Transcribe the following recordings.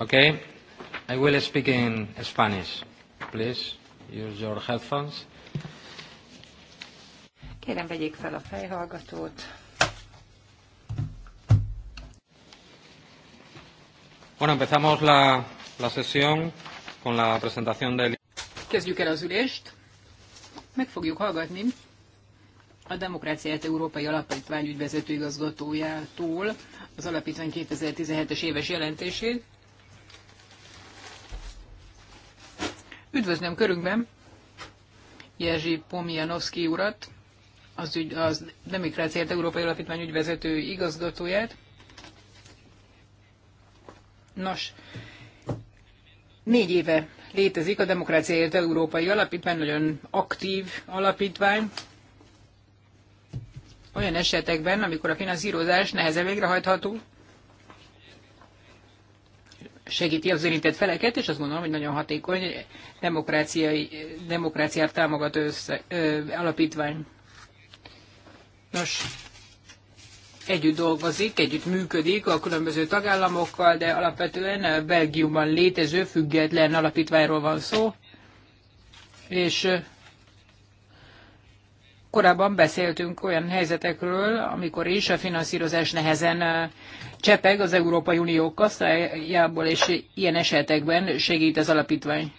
Okay. I will speak in Spanish. Please use your headphones. Kérem, vegyék fel a fejhallgatót. Bueno, empezamos la, la sesión con la presentación del... Kezdjük el az ülést. Meg fogjuk hallgatni a Demokráciát Európai Alapítvány ügyvezető igazgatójától az alapítvány 2017-es éves jelentését, Üdvözlöm körünkben Jerzy Pomianowski urat, az, ügy, az Demokráciát Európai Alapítvány ügyvezető igazgatóját. Nos, négy éve létezik a Demokráciáért Európai Alapítvány, nagyon aktív alapítvány. Olyan esetekben, amikor a finanszírozás nehezen végrehajtható, segíti az érintett feleket, és azt gondolom, hogy nagyon hatékony demokráciai, demokráciát támogató össze, ö, alapítvány. Nos, együtt dolgozik, együtt működik a különböző tagállamokkal, de alapvetően Belgiumban létező független alapítványról van szó, és korábban beszéltünk olyan helyzetekről, amikor is a finanszírozás nehezen csepeg az Európai Unió kasszájából, és ilyen esetekben segít az alapítvány.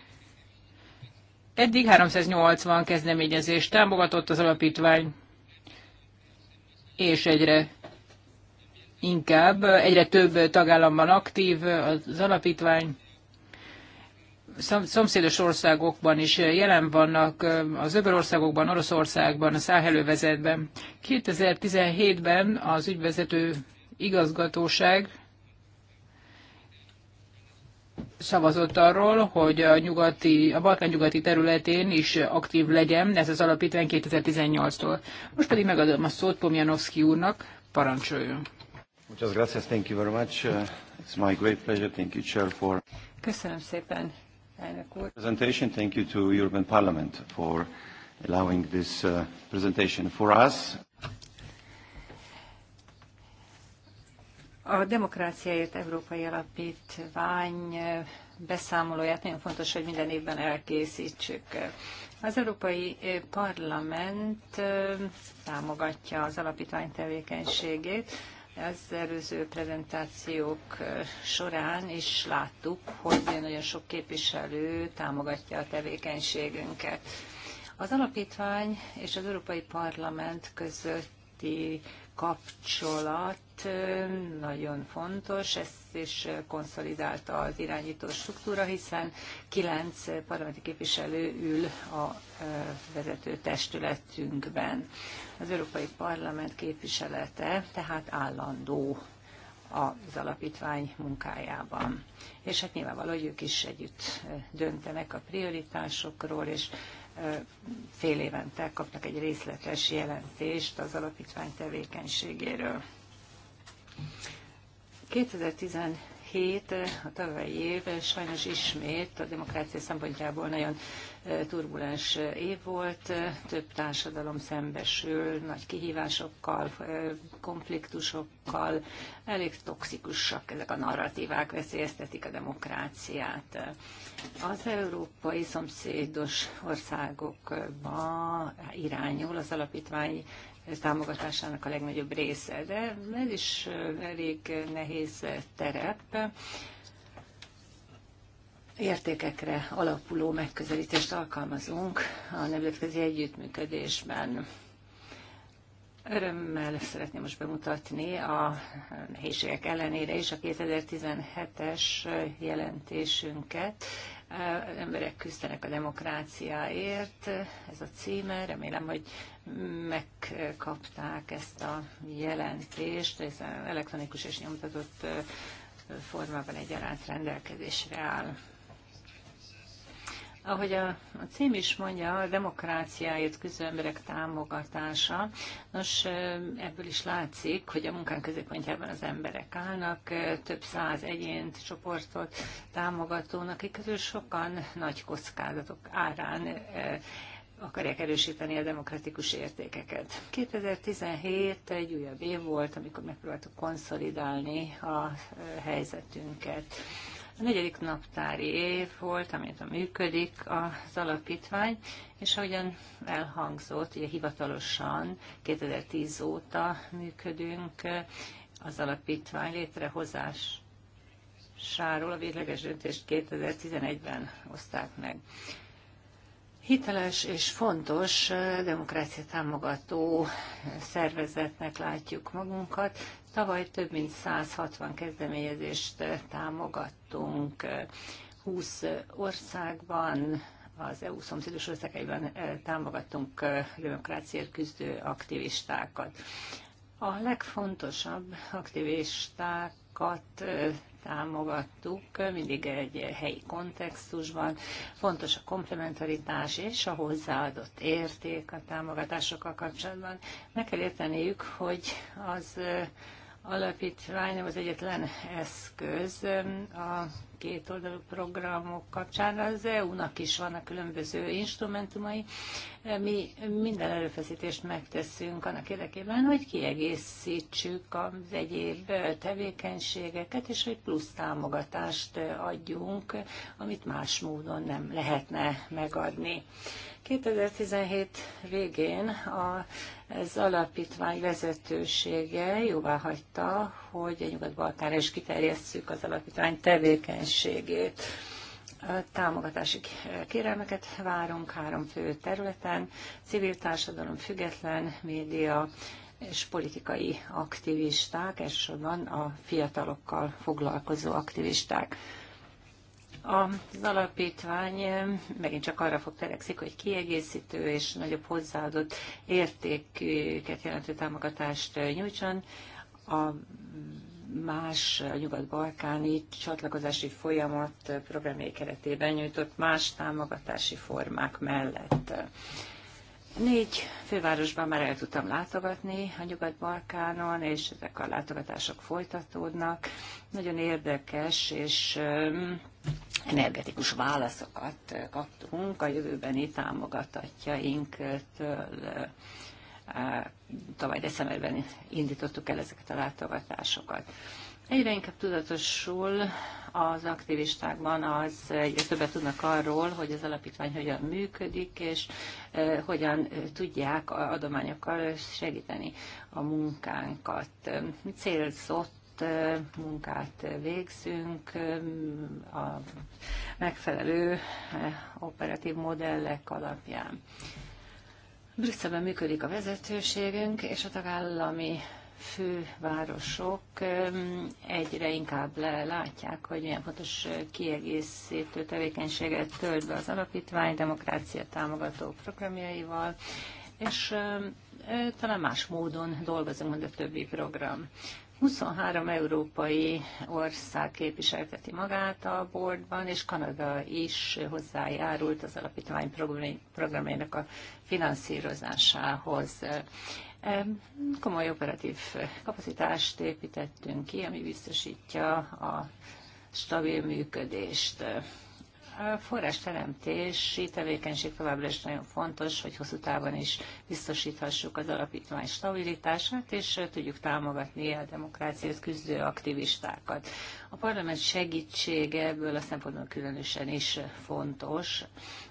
Eddig 380 kezdeményezést támogatott az alapítvány, és egyre inkább, egyre több tagállamban aktív az alapítvány szomszédos országokban is jelen vannak, az országokban, Oroszországban, a száhelővezetben. 2017-ben az ügyvezető igazgatóság szavazott arról, hogy a, nyugati, a Balkán nyugati területén is aktív legyen, ez az alapítvány 2018-tól. Most pedig megadom a szót Pomjanovszki úrnak, parancsoljon. Uh, Köszönöm szépen, elnök úr. Presentation. Thank you to European Parliament for allowing this uh, presentation for us. A Demokráciáért Európai Alapítvány uh, beszámolóját nagyon fontos, hogy minden évben elkészítsük. Az Európai uh, Parlament támogatja az alapítvány tevékenységét, az előző prezentációk során is láttuk, hogy nagyon sok képviselő támogatja a tevékenységünket. Az alapítvány és az Európai Parlament közötti kapcsolat nagyon fontos, ezt is konszolidálta az irányító struktúra, hiszen kilenc parlamenti képviselő ül a vezető testületünkben. Az Európai Parlament képviselete tehát állandó az alapítvány munkájában. És hát nyilvánvaló, hogy ők is együtt döntenek a prioritásokról, és fél évente kapnak egy részletes jelentést az alapítvány tevékenységéről. 2010 hét, a tavalyi év sajnos ismét a demokrácia szempontjából nagyon turbulens év volt, több társadalom szembesül nagy kihívásokkal, konfliktusokkal, elég toxikusak ezek a narratívák veszélyeztetik a demokráciát. Az európai szomszédos országokba irányul az alapítvány támogatásának a legnagyobb része, de ez is elég nehéz terep értékekre alapuló megközelítést alkalmazunk a nemzetközi együttműködésben. Örömmel szeretném most bemutatni a nehézségek ellenére is a 2017-es jelentésünket. Emberek küzdenek a demokráciáért, ez a címe, remélem, hogy megkapták ezt a jelentést, ez elektronikus és nyomtatott formában egyaránt rendelkezésre áll. Ahogy a, a cím is mondja, a demokráciáért küzdő emberek támogatása. Nos, ebből is látszik, hogy a munkánk középpontjában az emberek állnak, több száz egyént, csoportot támogatónak, akik közül sokan nagy kockázatok árán akarják erősíteni a demokratikus értékeket. 2017 egy újabb év volt, amikor megpróbáltuk konszolidálni a helyzetünket. A negyedik naptári év volt, amit a működik az alapítvány, és ahogyan elhangzott, ugye hivatalosan 2010 óta működünk eh, az alapítvány létrehozás Sáról a végleges döntést 2011-ben hozták meg. Hiteles és fontos eh, demokrácia támogató eh, szervezetnek látjuk magunkat, Tavaly több mint 160 kezdeményezést eh, támogattunk 20 eh, eh, országban, az EU szomszédos országaiban támogattunk demokráciát küzdő aktivistákat. A legfontosabb aktivistákat támogattuk, mindig egy helyi kontextusban. Fontos a komplementaritás és a hozzáadott érték a támogatásokkal kapcsolatban. Meg kell érteniük, hogy az alapítvány nem az egyetlen eszköz um, a két oldalú programok kapcsán. Az EU-nak is vannak különböző instrumentumai. E, mi minden erőfeszítést megteszünk annak érdekében, hogy kiegészítsük az egyéb e, tevékenységeket, és hogy plusz támogatást e, adjunk, amit más módon nem lehetne megadni. 2017 végén a ez alapítvány vezetősége jóvá hagyta, hogy a Nyugat-Balkánra is kiterjesszük az alapítvány tevékenységét. Támogatási kérelmeket várunk három fő területen, civil társadalom, független média, és politikai aktivisták, elsősorban a fiatalokkal foglalkozó aktivisták. Az alapítvány megint csak arra fog terekszik, hogy kiegészítő és nagyobb hozzáadott értéket jelentő támogatást nyújtson. A más a nyugat-balkáni csatlakozási folyamat programjai keretében nyújtott más támogatási formák mellett. Négy fővárosban már el tudtam látogatni a Nyugat-Balkánon, és ezek a látogatások folytatódnak. Nagyon érdekes és energetikus válaszokat kaptunk a jövőbeni támogatatjainktől. Tavaly decemberben indítottuk el ezeket a látogatásokat. Egyre inkább tudatosul az aktivistákban az, egyre többet tudnak arról, hogy az alapítvány hogyan működik, és hogyan tudják adományokkal segíteni a munkánkat. Célzott munkát végzünk, a megfelelő operatív modellek alapján. Brüsszelben működik a vezetőségünk, és a tagállami fővárosok egyre inkább látják, hogy milyen fontos kiegészítő tevékenységet tölt be az alapítvány demokrácia támogató programjaival, és talán más módon dolgozunk, mint a többi program. 23 európai ország képviselteti magát a boardban, és Kanada is hozzájárult az alapítvány programjának a finanszírozásához. Komoly operatív kapacitást építettünk ki, ami biztosítja a stabil működést. A forrásteremtési tevékenység továbbra is nagyon fontos, hogy hosszú távon is biztosíthassuk az alapítvány stabilitását, és tudjuk támogatni a demokráciát küzdő aktivistákat. A parlament segítsége ebből a szempontból különösen is fontos,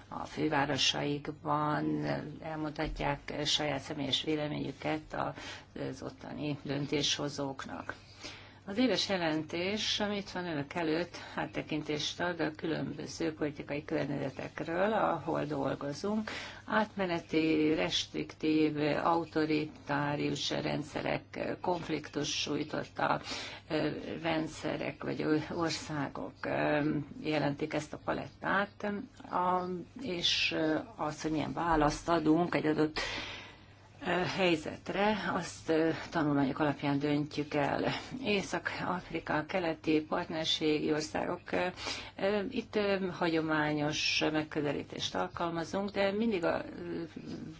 a fővárosaikban elmutatják saját személyes véleményüket az ottani döntéshozóknak. Az éves jelentés, ami itt van önök előtt, áttekintést ad a különböző politikai környezetekről, ahol dolgozunk. Átmeneti, restriktív, autoritárius rendszerek, konfliktus sújtotta rendszerek vagy országok jelentik ezt a palettát, és az, hogy milyen választ adunk egy adott helyzetre, azt tanulmányok alapján döntjük el. Észak-Afrika, keleti partnerségi országok, itt hagyományos megközelítést alkalmazunk, de mindig a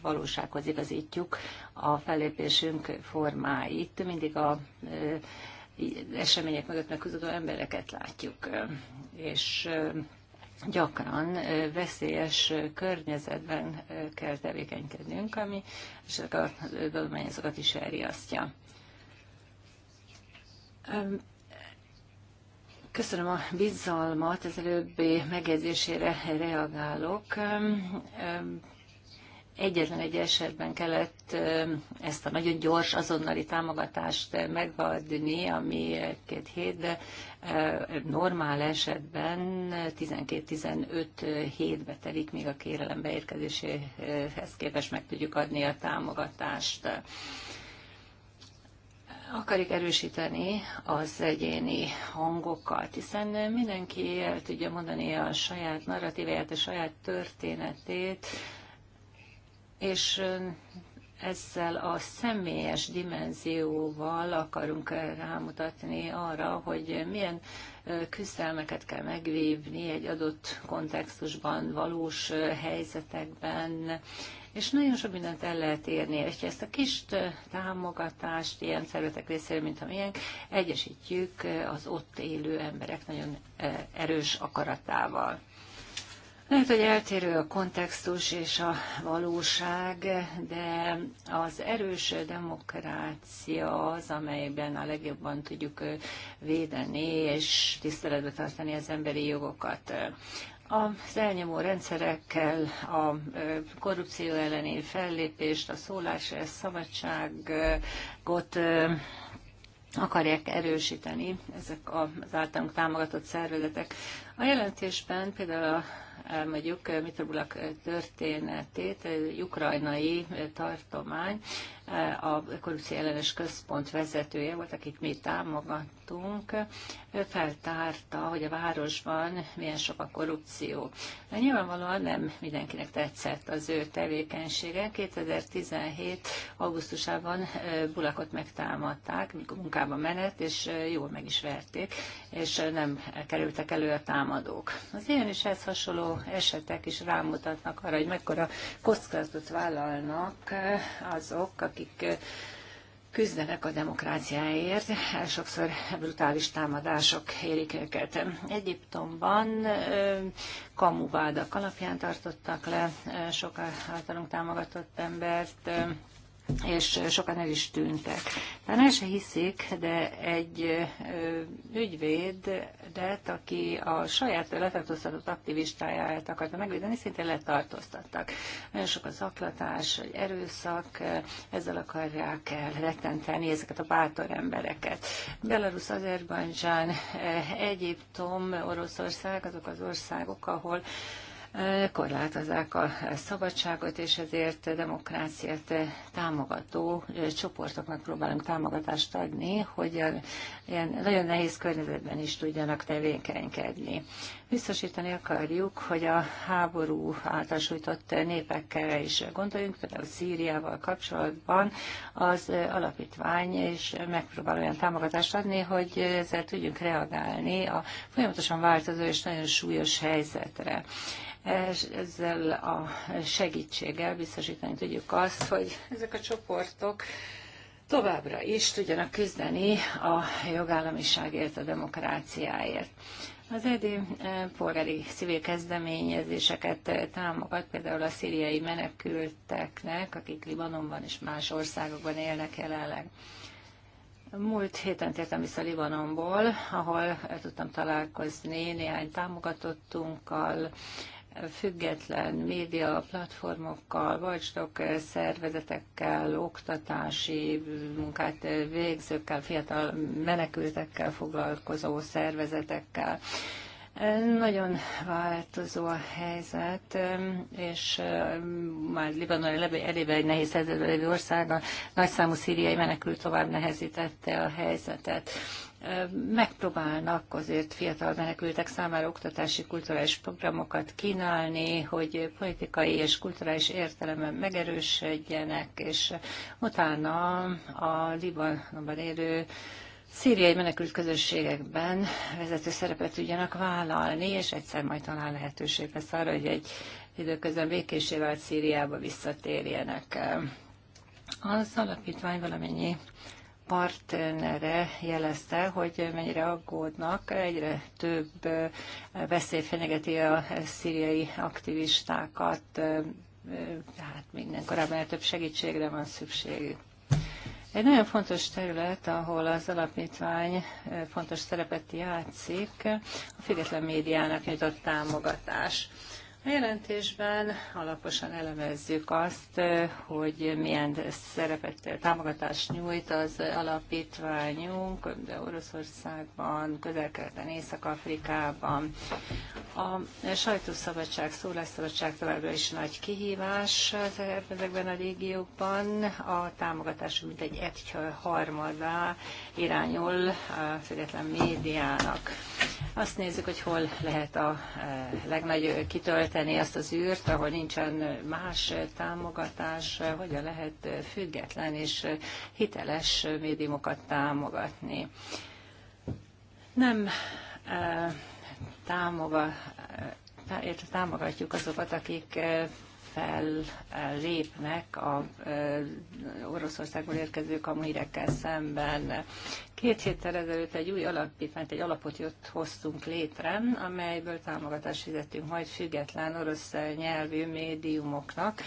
valósághoz igazítjuk a fellépésünk formáit, mindig a események mögött meghúzódó embereket látjuk, és gyakran veszélyes környezetben kell tevékenykednünk, ami és a tudományozókat is elriasztja. Köszönöm a bizalmat, az előbbi megjegyzésére reagálok egyetlen egy esetben kellett ezt a nagyon gyors azonnali támogatást megadni, ami két hét, de normál esetben 12-15 hétbe telik, még a kérelem beérkezéséhez képest meg tudjuk adni a támogatást akarjuk erősíteni az egyéni hangokat, hiszen mindenki el tudja mondani a saját narratíváját, a saját történetét, és ezzel a személyes dimenzióval akarunk rámutatni arra, hogy milyen küzdelmeket kell megvívni egy adott kontextusban, valós helyzetekben, és nagyon sok mindent el lehet érni. És ezt a kis támogatást ilyen szervezetek részéről, mint a miénk, egyesítjük az ott élő emberek nagyon erős akaratával. Lehet, hogy eltérő a kontextus és a valóság, de az erős demokrácia az, amelyben a legjobban tudjuk védeni és tiszteletbe tartani az emberi jogokat. Az elnyomó rendszerekkel a korrupció elleni fellépést, a szólás a szabadságot akarják erősíteni ezek az általunk támogatott szervezetek. A jelentésben például a elmegyük eh, Mitrobulak eh, történetét, eh, ukrajnai tartomány, a korrupció ellenes központ vezetője volt, akit mi támogat, látogatónk feltárta, hogy a városban milyen sok a korrupció. De nyilvánvalóan nem mindenkinek tetszett az ő tevékenysége. 2017. augusztusában Bulakot megtámadták, munkába menet, és jól meg is verték, és nem kerültek elő a támadók. Az ilyen is ez hasonló esetek is rámutatnak arra, hogy mekkora kockázatot vállalnak azok, akik küzdenek a demokráciáért, sokszor brutális támadások érik őket. Egyiptomban kamuvádak alapján tartottak le sok általunk támogatott embert, és sokan el is tűntek. Talán el se hiszik, de egy ügyvédet, aki a saját letartóztatott aktivistáját akarta megvédeni, szintén letartóztattak. Nagyon sok az aklatás, erőszak, ezzel akarják rettenteni ezeket a bátor embereket. Belarus, Azerbajdzsán, Egyiptom, Oroszország, azok az országok, ahol korlátozzák a szabadságot, és ezért demokráciát támogató csoportoknak próbálunk támogatást adni, hogy ilyen nagyon nehéz környezetben is tudjanak tevékenykedni. Biztosítani akarjuk, hogy a háború által sújtott népekkel is gondoljunk, például Szíriával kapcsolatban az alapítvány, és megpróbál olyan támogatást adni, hogy ezzel tudjunk reagálni a folyamatosan változó és nagyon súlyos helyzetre ezzel a segítséggel biztosítani tudjuk azt, hogy ezek a csoportok továbbra is tudjanak küzdeni a jogállamiságért, a demokráciáért. Az ED eh, polgári civil kezdeményezéseket eh, támogat, például a szíriai menekülteknek, akik Libanonban és más országokban élnek jelenleg. Múlt héten tértem vissza Libanonból, ahol eh, tudtam találkozni néhány támogatottunkkal, független média platformokkal, vagystok szervezetekkel, oktatási munkát végzőkkel, fiatal menekültekkel foglalkozó szervezetekkel. Nagyon változó a helyzet, és um, már Libanon elébe egy nehéz helyzetben lévő ország, a nagyszámú szíriai menekült tovább nehezítette a helyzetet megpróbálnak azért fiatal menekültek számára oktatási kulturális programokat kínálni, hogy politikai és kulturális értelemben megerősödjenek, és utána a Libanonban élő szíriai menekült közösségekben vezető szerepet tudjanak vállalni, és egyszer majd talán lehetőség lesz arra, hogy egy időközben békésével Szíriába visszatérjenek. Az alapítvány valamennyi partnere jelezte, hogy mennyire aggódnak, egyre több veszély fenyegeti a szíriai aktivistákat, tehát minden korábban több segítségre van szükségük. Egy nagyon fontos terület, ahol az alapítvány fontos szerepet játszik, a független médiának nyitott támogatás. A jelentésben alaposan elemezzük azt, hogy milyen szerepet, támogatást nyújt az alapítványunk de Oroszországban, közel-keleten, Észak-Afrikában. A sajtószabadság, szólásszabadság továbbra is nagy kihívás e- ezekben a régiókban. A támogatás mintegy egy harmadá irányul a független médiának. Azt nézzük, hogy hol lehet a e- legnagyobb kitölt betölteni azt az űrt, ahol nincsen más támogatás, hogyan lehet független és hiteles médiumokat támogatni. Nem eh, támogat, eh, támogatjuk azokat, akik eh, fel lépnek a Oroszországból érkező kamuhírekkel szemben. Két héttel ezelőtt egy új alapítványt, egy alapot jött, hoztunk létre, amelyből támogatást fizetünk majd független orosz nyelvű médiumoknak,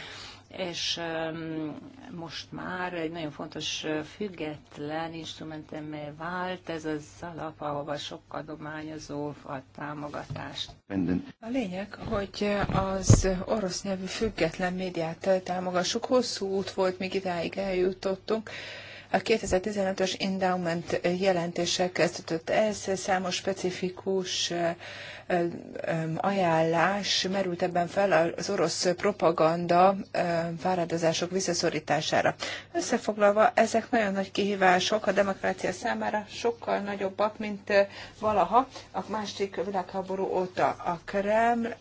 és most már egy nagyon fontos független instrumentemé vált ez az alap, ahova sok adományozó ad támogatást. A lényeg, hogy az orosz nyelvű független médiát támogassuk. Hosszú út volt, míg idáig eljutottunk. A 2015-ös endowment jelentéssel kezdődött. Ez számos specifikus ajánlás merült ebben fel az orosz propaganda fáradozások visszaszorítására. Összefoglalva, ezek nagyon nagy kihívások a demokrácia számára, sokkal nagyobbak, mint valaha a második világháború óta. A Kreml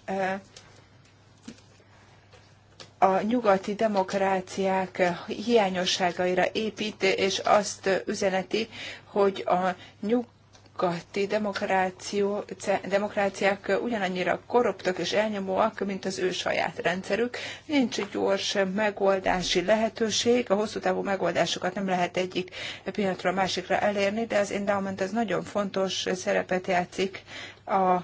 a nyugati demokráciák hiányosságaira épít, és azt üzeneti, hogy a nyugati demokráció, demokráciák ugyanannyira korruptak és elnyomóak, mint az ő saját rendszerük. Nincs gyors megoldási lehetőség, a hosszú távú megoldásokat nem lehet egyik pillanatról a másikra elérni, de az endowment az nagyon fontos szerepet játszik a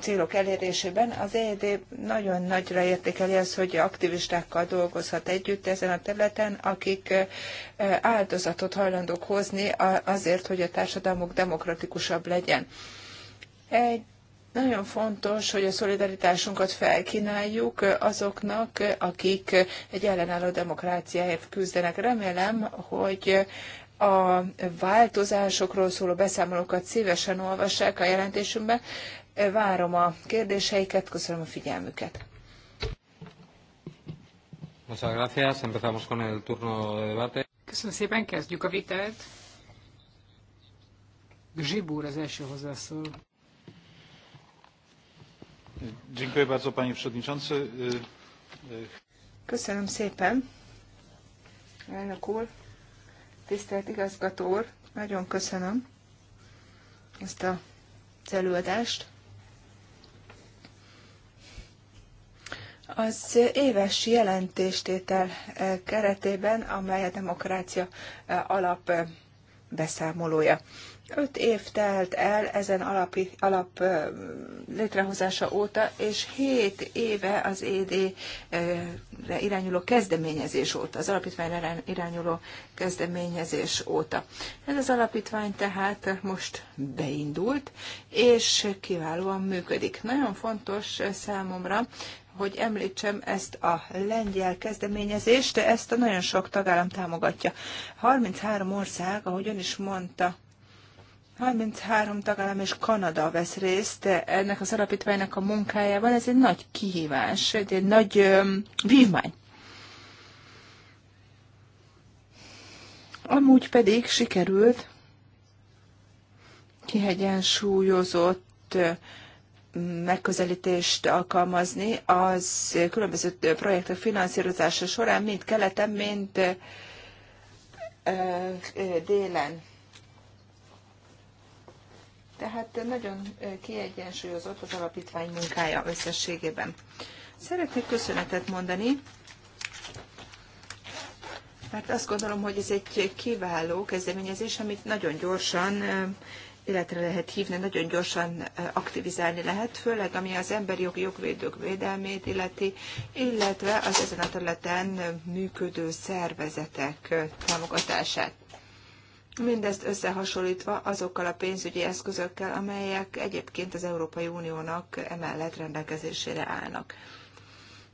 célok elérésében. Az EED nagyon nagyra értékeli az, hogy aktivistákkal dolgozhat együtt ezen a területen, akik eh, áldozatot hajlandók hozni azért, hogy a társadalmuk demokratikusabb legyen. Egy nagyon fontos, hogy a szolidaritásunkat felkínáljuk azoknak, akik egy ellenálló demokráciáért küzdenek. Remélem, hogy a változásokról szóló beszámolókat szívesen olvassák a jelentésünkben. Várom a kérdéseiket, köszönöm a figyelmüket. Köszönöm szépen, kezdjük a vitát. Grzib az első hozzászól. Köszönöm szépen, elnök úr. Tisztelt igazgató úr, nagyon köszönöm ezt a előadást. Az éves jelentéstétel eh, keretében, amely a demokrácia eh, alap eh, beszámolója. Öt év telt el ezen alapi, alap létrehozása óta, és hét éve az ed irányuló kezdeményezés óta, az alapítványra irányuló kezdeményezés óta. Ez az alapítvány tehát most beindult, és kiválóan működik. Nagyon fontos számomra, hogy említsem ezt a lengyel kezdeményezést, de ezt a nagyon sok tagállam támogatja. 33 ország, ahogy ön is mondta, 33 tagállam és Kanada vesz részt ennek az alapítványnak a munkájában. Ez egy nagy kihívás, egy nagy um, vívmány. Amúgy pedig sikerült kihegyensúlyozott megközelítést alkalmazni az különböző projektek finanszírozása során, mint keleten, mint délen. Tehát nagyon eh, kiegyensúlyozott az alapítvány munkája összességében. Szeretnék köszönetet mondani, mert azt gondolom, hogy ez egy kiváló kezdeményezés, amit nagyon gyorsan eh, életre lehet hívni, nagyon gyorsan eh, aktivizálni lehet, főleg ami az emberi jogi jogvédők védelmét illeti, illetve az ezen a területen működő szervezetek támogatását. Mindezt összehasonlítva azokkal a pénzügyi eszközökkel, amelyek egyébként az Európai Uniónak emellett rendelkezésére állnak.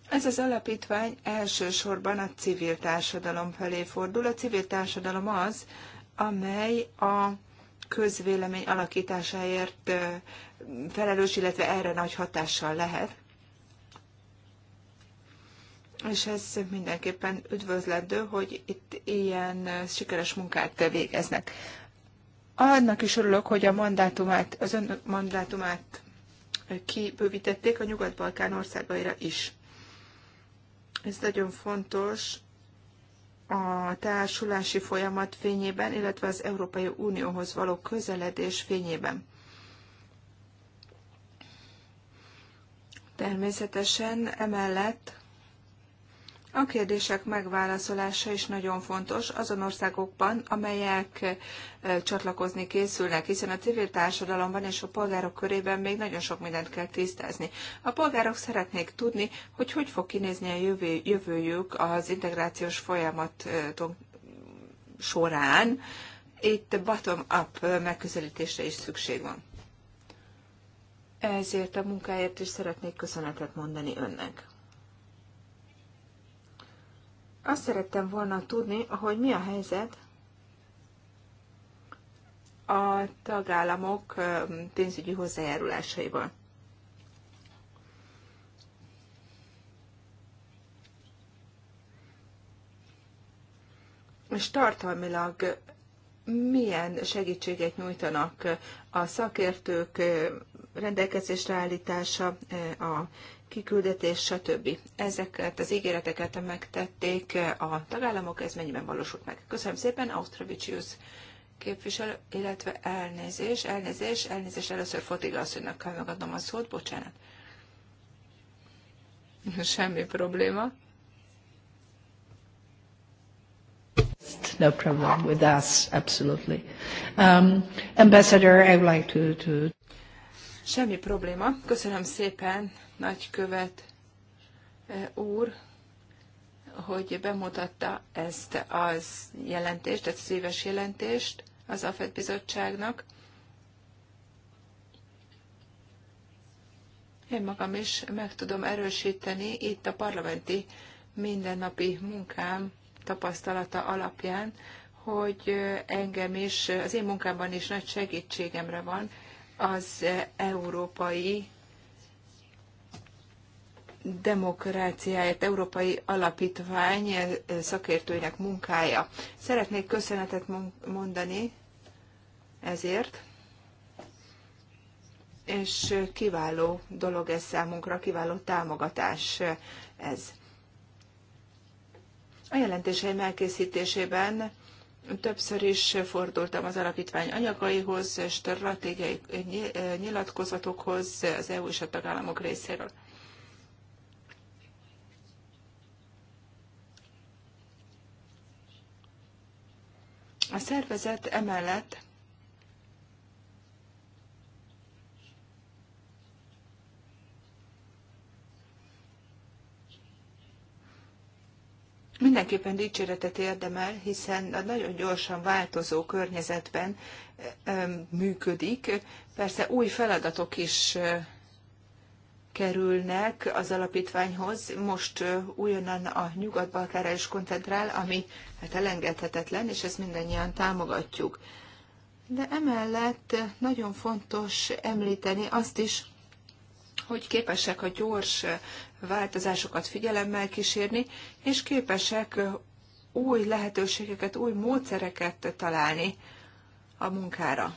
Ez az alapítvány elsősorban a civil társadalom felé fordul. A civil társadalom az, amely a közvélemény alakításáért felelős, illetve erre nagy hatással lehet és ez mindenképpen üdvözlendő, hogy itt ilyen sikeres munkát végeznek. Annak is örülök, hogy a mandátumát, az ön mandátumát kibővítették a Nyugat-Balkán országaira is. Ez nagyon fontos a társulási folyamat fényében, illetve az Európai Unióhoz való közeledés fényében. Természetesen emellett a kérdések megválaszolása is nagyon fontos azon országokban, amelyek csatlakozni készülnek, hiszen a civil társadalomban és a polgárok körében még nagyon sok mindent kell tisztázni. A polgárok szeretnék tudni, hogy hogy fog kinézni a jövőjük az integrációs folyamat során. Itt bottom-up megközelítésre is szükség van. Ezért a munkáért is szeretnék köszönetet mondani önnek. Azt szerettem volna tudni, hogy mi a helyzet a tagállamok pénzügyi hozzájárulásaival. És tartalmilag milyen segítséget nyújtanak a szakértők rendelkezésre állítása, a kiküldetés, stb. Ezeket az ígéreteket megtették a tagállamok, ez mennyiben valósult meg. Köszönöm szépen, Austrovicius képviselő, illetve elnézés, elnézés, elnézés, először Fotiga asszonynak kell megadnom a szót, bocsánat. Semmi probléma. No problem with us, absolutely. Um, ambassador, I would like to, to... Semmi probléma. Köszönöm szépen nagykövet eh, úr, hogy bemutatta ezt az jelentést, ezt szíves jelentést az AFED bizottságnak. Én magam is meg tudom erősíteni itt a parlamenti mindennapi munkám tapasztalata alapján, hogy engem is, az én munkámban is nagy segítségemre van az európai demokráciáért Európai Alapítvány eh, szakértőinek munkája. Szeretnék köszönetet mondani ezért, és eh, kiváló dolog ez számunkra, kiváló támogatás eh, ez. A jelentéseim elkészítésében Többször is fordultam az alapítvány anyagaihoz, stratégiai nyilatkozatokhoz az EU és a tagállamok részéről. A szervezet emellett mindenképpen dicséretet érdemel, hiszen a nagyon gyorsan változó környezetben működik. Persze új feladatok is kerülnek az alapítványhoz, most újonnan a Nyugat-Balkára is koncentrál, ami hát elengedhetetlen, és ezt mindannyian támogatjuk. De emellett nagyon fontos említeni azt is, hogy képesek a gyors változásokat figyelemmel kísérni, és képesek új lehetőségeket, új módszereket találni a munkára.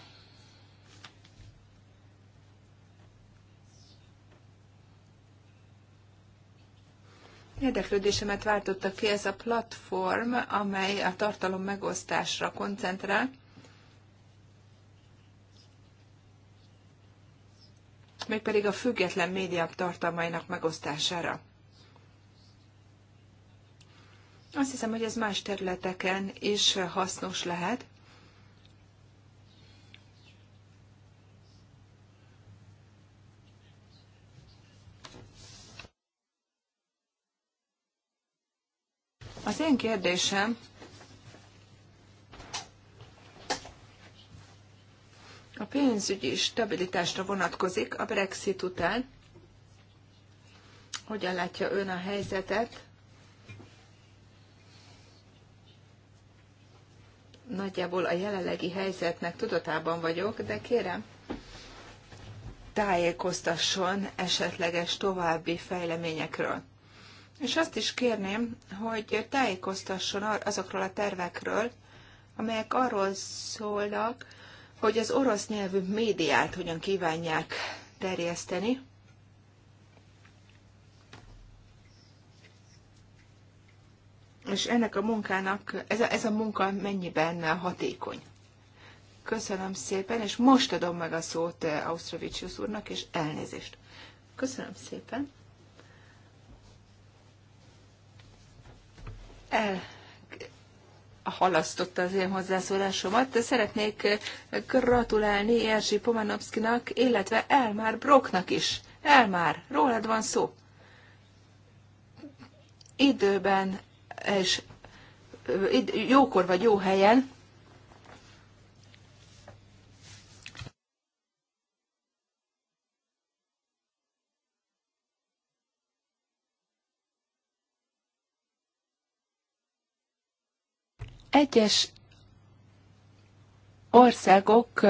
Érdeklődésemet váltotta ki ez a platform, amely a tartalom megosztásra koncentrál. pedig a független média tartalmainak megosztására. Azt hiszem, hogy ez más területeken is hasznos lehet. Az én kérdésem a pénzügyi stabilitásra vonatkozik a Brexit után. Hogyan látja ön a helyzetet? Nagyjából a jelenlegi helyzetnek tudatában vagyok, de kérem, tájékoztasson esetleges további fejleményekről. És azt is kérném, hogy tájékoztasson azokról a tervekről, amelyek arról szólnak, hogy az orosz nyelvű médiát hogyan kívánják terjeszteni. És ennek a munkának, ez a, ez a munka mennyiben hatékony. Köszönöm szépen, és most adom meg a szót eh, Ausztrovicius úrnak, és elnézést. Köszönöm szépen. el halasztotta az én hozzászólásomat, de szeretnék gratulálni Erzsi Pomanovszkinak, illetve Elmár Broknak is. Elmár, rólad van szó. Időben és id, jókor vagy jó helyen Egyes országok,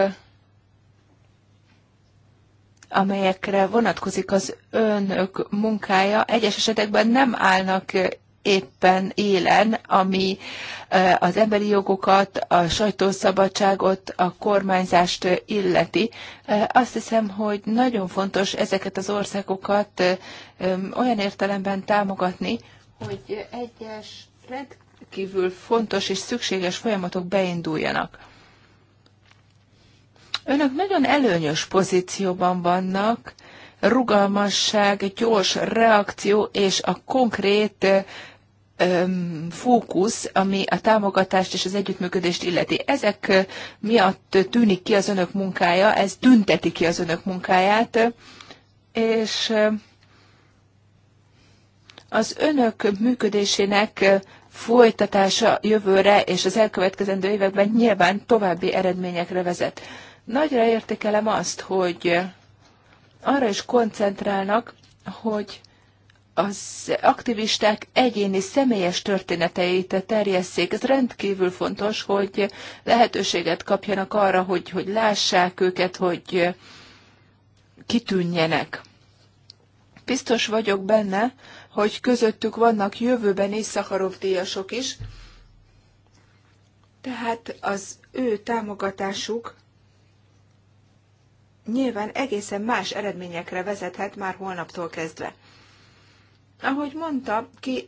amelyekre vonatkozik az önök munkája, egyes esetekben nem állnak éppen élen, ami az emberi jogokat, a sajtószabadságot, a kormányzást illeti. Azt hiszem, hogy nagyon fontos ezeket az országokat olyan értelemben támogatni, hogy egyes rendkívül rendkívül fontos és szükséges folyamatok beinduljanak. Önök nagyon előnyös pozícióban vannak, rugalmasság, gyors reakció és a konkrét fókusz, ami a támogatást és az együttműködést illeti. Ezek miatt tűnik ki az önök munkája, ez tünteti ki az önök munkáját, és az önök működésének folytatása jövőre és az elkövetkezendő években nyilván további eredményekre vezet. Nagyra értékelem azt, hogy arra is koncentrálnak, hogy az aktivisták egyéni személyes történeteit terjesszék. Ez rendkívül fontos, hogy lehetőséget kapjanak arra, hogy, hogy lássák őket, hogy kitűnjenek. Biztos vagyok benne, hogy közöttük vannak jövőben Szakarov díjasok is, tehát az ő támogatásuk nyilván egészen más eredményekre vezethet már holnaptól kezdve. Ahogy mondta, ki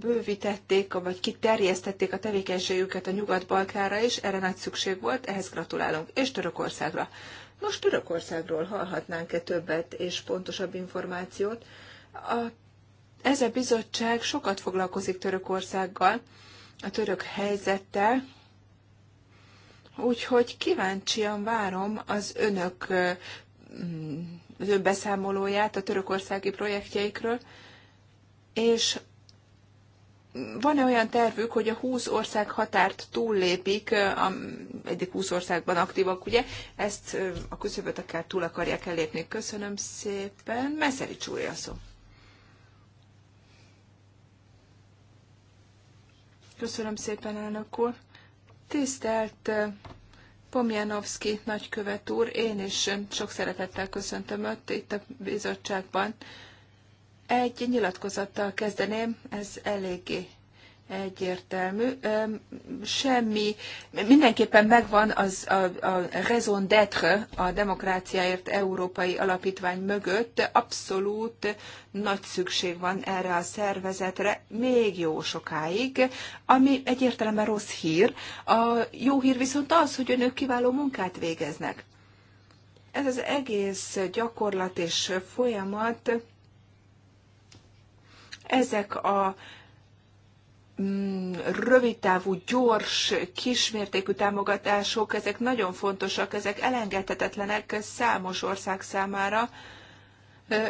bővítették, vagy kiterjesztették a tevékenységüket a Nyugat-Balkára is, erre nagy szükség volt, ehhez gratulálunk, és Törökországra. Most Törökországról hallhatnánk-e többet és pontosabb információt? A ez a bizottság sokat foglalkozik Törökországgal, a török helyzettel, úgyhogy kíváncsian várom az önök mm, az ön beszámolóját a törökországi projektjeikről, és van-e olyan tervük, hogy a 20 ország határt túllépik, a, eddig 20 országban aktívak, ugye? Ezt a küszöböt akár túl akarják elépni. Köszönöm szépen. Meszeri Csúri szó. Köszönöm szépen, elnök úr. Tisztelt eh, Pomjanovszki nagykövet úr, én is sok szeretettel köszöntöm Önt itt a bizottságban. Egy nyilatkozattal kezdeném, ez eléggé egyértelmű. Semmi, mindenképpen megvan az a, a raison d'être a demokráciáért európai alapítvány mögött. Abszolút nagy szükség van erre a szervezetre, még jó sokáig, ami egyértelműen rossz hír. A jó hír viszont az, hogy önök kiváló munkát végeznek. Ez az egész gyakorlat és folyamat, ezek a Mm, rövidtávú, gyors, kismértékű támogatások, ezek nagyon fontosak, ezek elengedhetetlenek számos ország számára.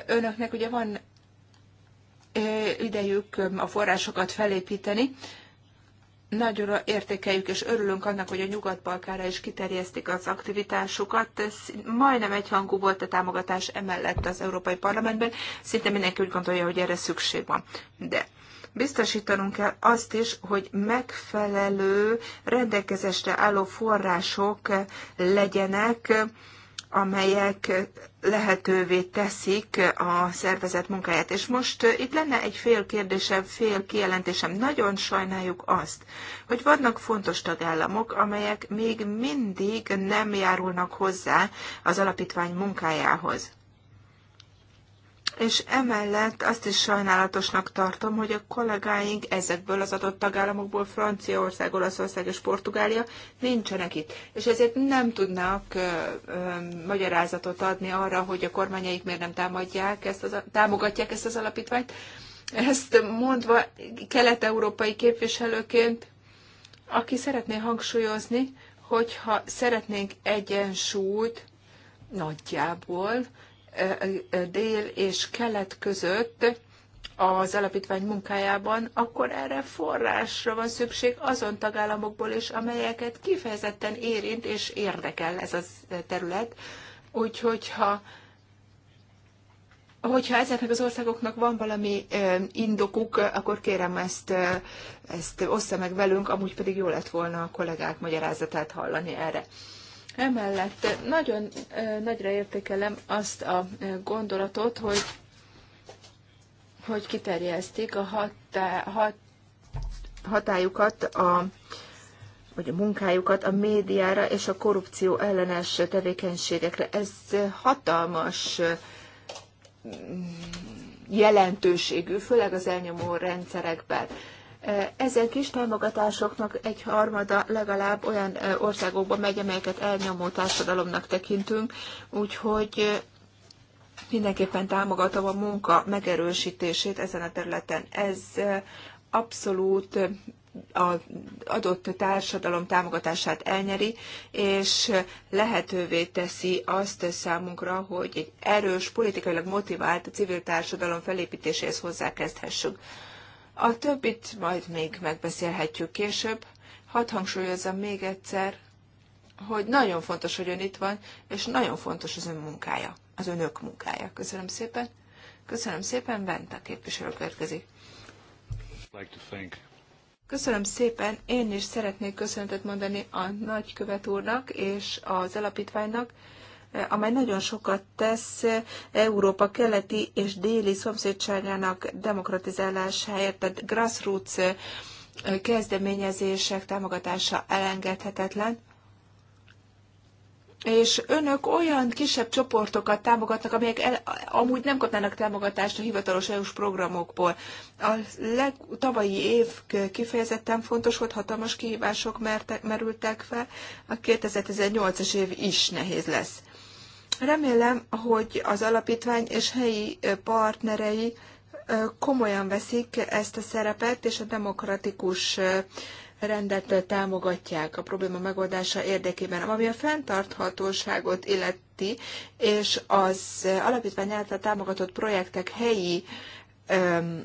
Önöknek ugye van idejük a forrásokat felépíteni. Nagyon értékeljük és örülünk annak, hogy a Nyugat-Balkára is kiterjesztik az aktivitásukat. Ez majdnem egyhangú volt a támogatás emellett az Európai Parlamentben. Szinte mindenki úgy gondolja, hogy erre szükség van. De biztosítanunk kell azt is, hogy megfelelő rendelkezésre álló források legyenek, amelyek lehetővé teszik a szervezet munkáját. És most uh, itt lenne egy fél kérdésem, fél kijelentésem. Nagyon sajnáljuk azt, hogy vannak fontos tagállamok, amelyek még mindig nem járulnak hozzá az alapítvány munkájához és emellett azt is sajnálatosnak tartom, hogy a kollégáink ezekből az adott tagállamokból, Franciaország, Olaszország és Portugália nincsenek itt. És ezért nem tudnak ö, ö, magyarázatot adni arra, hogy a kormányaik miért nem támadják ezt az, támogatják ezt az alapítványt. Ezt mondva kelet-európai képviselőként, aki szeretné hangsúlyozni, hogyha szeretnénk egyensúlyt nagyjából, dél és kelet között az alapítvány munkájában, akkor erre forrásra van szükség azon tagállamokból is, amelyeket kifejezetten érint és érdekel ez a terület. Úgyhogy ha hogyha ezeknek az országoknak van valami indokuk, akkor kérem ezt, ezt ossza meg velünk, amúgy pedig jó lett volna a kollégák magyarázatát hallani erre. Emellett eh, nagyon eh, nagyra értékelem azt a eh, gondolatot, hogy, hogy kiterjesztik a hatá, hat, hatájukat, a vagy a munkájukat a médiára és a korrupció ellenes tevékenységekre. Ez hatalmas mm, jelentőségű, főleg az elnyomó rendszerekben. Eh, ezek kis támogatásoknak egy harmada legalább olyan eh, országokba megy, amelyeket elnyomó társadalomnak tekintünk, úgyhogy eh, mindenképpen támogatom a munka megerősítését ezen a területen. Ez abszolút az adott társadalom támogatását elnyeri, és lehetővé teszi azt számunkra, hogy egy erős, politikailag motivált civil társadalom felépítéséhez hozzákezdhessünk. A többit majd még megbeszélhetjük később. Hadd hangsúlyozzam még egyszer, hogy nagyon fontos, hogy ön itt van, és nagyon fontos az ön munkája, az önök munkája. Köszönöm szépen. Köszönöm szépen, Bent a képviselő következik. Köszönöm szépen, én is szeretnék köszönetet mondani a nagykövet úrnak és az alapítványnak amely nagyon sokat tesz Európa keleti és déli szomszédságának demokratizálásáért, tehát grassroots kezdeményezések támogatása elengedhetetlen. És önök olyan kisebb csoportokat támogatnak, amelyek el, amúgy nem kapnának támogatást a hivatalos EU-s programokból. A leg, tavalyi év kifejezetten fontos volt, hatalmas kihívások mertek, merültek fel, a 2018-as év is nehéz lesz. Remélem, hogy az alapítvány és helyi partnerei komolyan veszik ezt a szerepet, és a demokratikus rendet támogatják a probléma megoldása érdekében. Ami a fenntarthatóságot illeti, és az alapítvány által támogatott projektek helyi öm,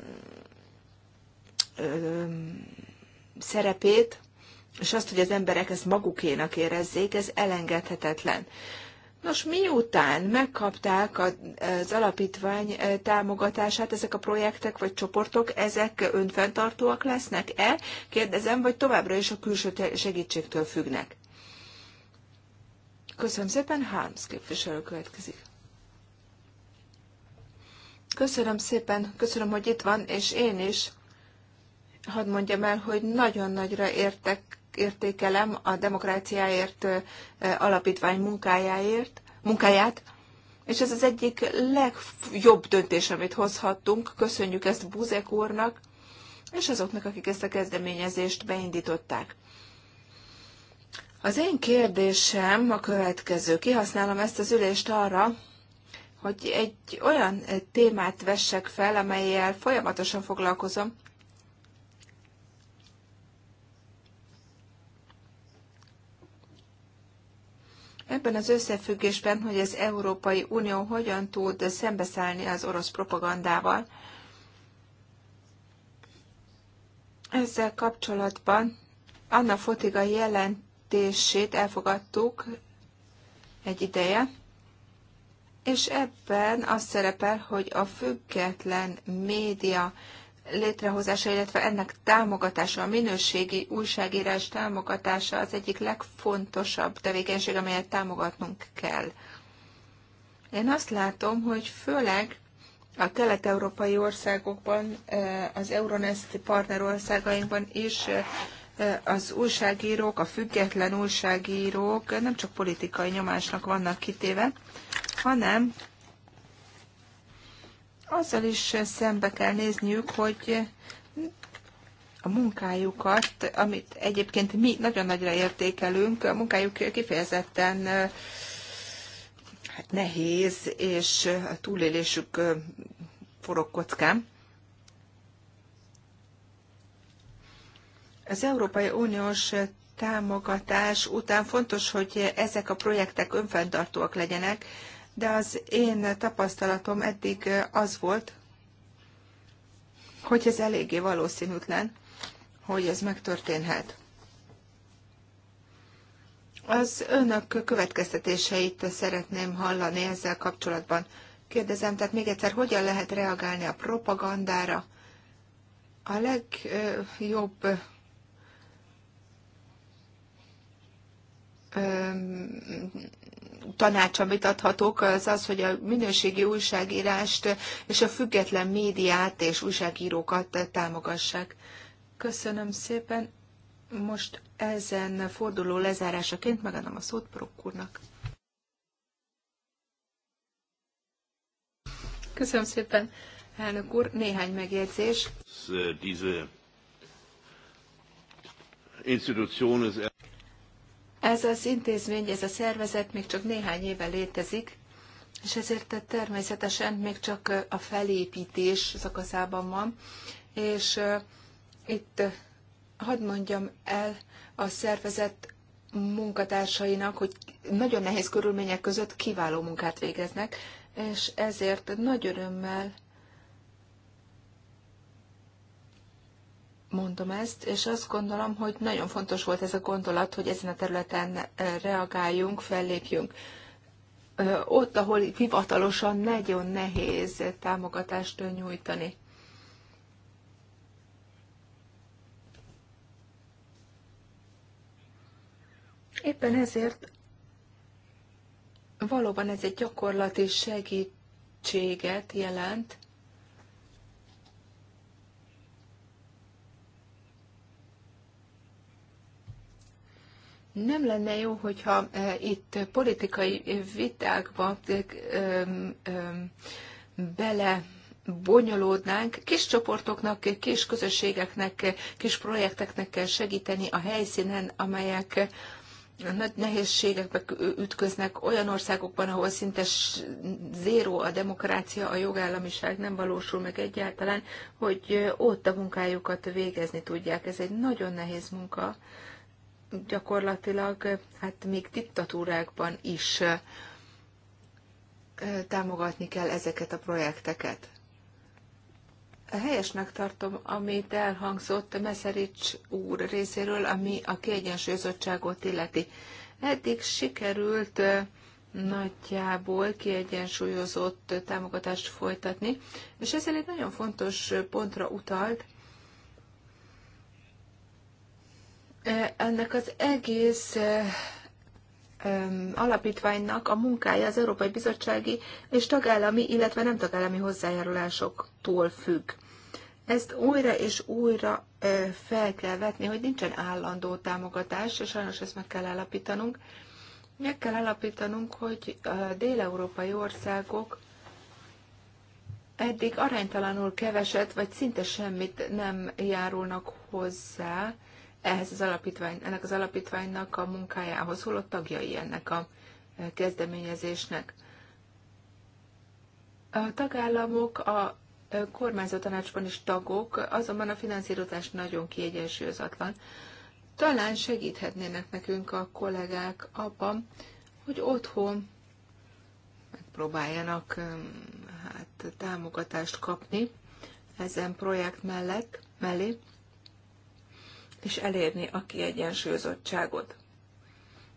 öm, szerepét, és azt, hogy az emberek ezt magukénak érezzék, ez elengedhetetlen. Öm, Nos, miután megkapták az alapítvány eh, támogatását, ezek a projektek vagy csoportok, ezek önfenntartóak lesznek-e? Kérdezem, vagy továbbra is a külső segítségtől függnek? Köszönöm szépen, Harms képviselő következik. Köszönöm szépen, köszönöm, hogy itt van, és én is hadd mondjam el, hogy nagyon nagyra értek, értékelem a demokráciáért alapítvány munkájáért, munkáját, és ez az egyik legjobb döntés, amit hozhattunk. Köszönjük ezt Buzek úrnak, és azoknak, akik ezt a kezdeményezést beindították. Az én kérdésem a következő. Kihasználom ezt az ülést arra, hogy egy olyan témát vessek fel, amelyel folyamatosan foglalkozom, Ebben az összefüggésben, hogy az Európai Unió hogyan tud szembeszállni az orosz propagandával, ezzel kapcsolatban Anna Fotiga jelentését elfogadtuk egy ideje, és ebben az szerepel, hogy a független média létrehozása, illetve ennek támogatása, a minőségi újságírás támogatása az egyik legfontosabb tevékenység, amelyet támogatnunk kell. Én azt látom, hogy főleg a kelet-európai országokban, e, az Euronest partner országainkban is e, az újságírók, a független újságírók nem csak politikai nyomásnak vannak kitéve, hanem azzal is szembe kell nézniük, hogy a munkájukat, amit egyébként mi nagyon nagyra értékelünk, a munkájuk kifejezetten hát nehéz, és a túlélésük forog kockán. Az Európai Uniós támogatás után fontos, hogy ezek a projektek önfenntartóak legyenek, de az én tapasztalatom eddig az volt, hogy ez eléggé valószínűtlen, hogy ez megtörténhet. Az önök következtetéseit szeretném hallani ezzel kapcsolatban. Kérdezem, tehát még egyszer, hogyan lehet reagálni a propagandára? A legjobb amit adhatok, az az, hogy a minőségi újságírást és a független médiát és újságírókat támogassák. Köszönöm szépen. Most ezen forduló lezárásaként megadom a szót prokurnak. Köszönöm szépen, elnök úr. Néhány megjegyzés. Diese Institution ist ez az intézmény, ez a szervezet még csak néhány éve létezik, és ezért természetesen még csak a felépítés szakaszában van, és itt hadd mondjam el a szervezet munkatársainak, hogy nagyon nehéz körülmények között kiváló munkát végeznek, és ezért nagy örömmel mondom ezt, és azt gondolom, hogy nagyon fontos volt ez a gondolat, hogy ezen a területen eh, reagáljunk, fellépjünk. Ott, ahol hivatalosan nagyon nehéz támogatást nyújtani. Éppen ezért valóban ez egy gyakorlati segítséget jelent, Nem lenne jó, hogyha e, itt politikai vitákba e, e, bele bonyolódnánk, kis csoportoknak, kis közösségeknek, kis projekteknek kell segíteni a helyszínen, amelyek nagy nehézségekbe ütköznek olyan országokban, ahol szinte zéró a demokrácia, a jogállamiság nem valósul meg egyáltalán, hogy ott a munkájukat végezni tudják. Ez egy nagyon nehéz munka, gyakorlatilag hát még diktatúrákban is támogatni kell ezeket a projekteket. Helyesnek tartom, amit elhangzott Meszerics úr részéről, ami a kiegyensúlyozottságot illeti. Eddig sikerült nagyjából kiegyensúlyozott támogatást folytatni, és ezzel egy nagyon fontos pontra utalt, Ennek az egész alapítványnak a munkája az Európai Bizottsági és tagállami, illetve nem tagállami hozzájárulásoktól függ. Ezt újra és újra fel kell vetni, hogy nincsen állandó támogatás, és sajnos ezt meg kell állapítanunk. Meg kell állapítanunk, hogy a dél-európai országok eddig aránytalanul keveset, vagy szinte semmit nem járulnak hozzá ehhez az alapítvány, ennek az alapítványnak a munkájához, holott tagjai ennek a e, kezdeményezésnek. A tagállamok a e, kormányzatanácsban is tagok, azonban a finanszírozás nagyon kiegyensúlyozatlan. Talán segíthetnének nekünk a kollégák abban, hogy otthon megpróbáljanak e, hát, támogatást kapni ezen projekt mellett, mellé és elérni a kiegyensúlyozottságot.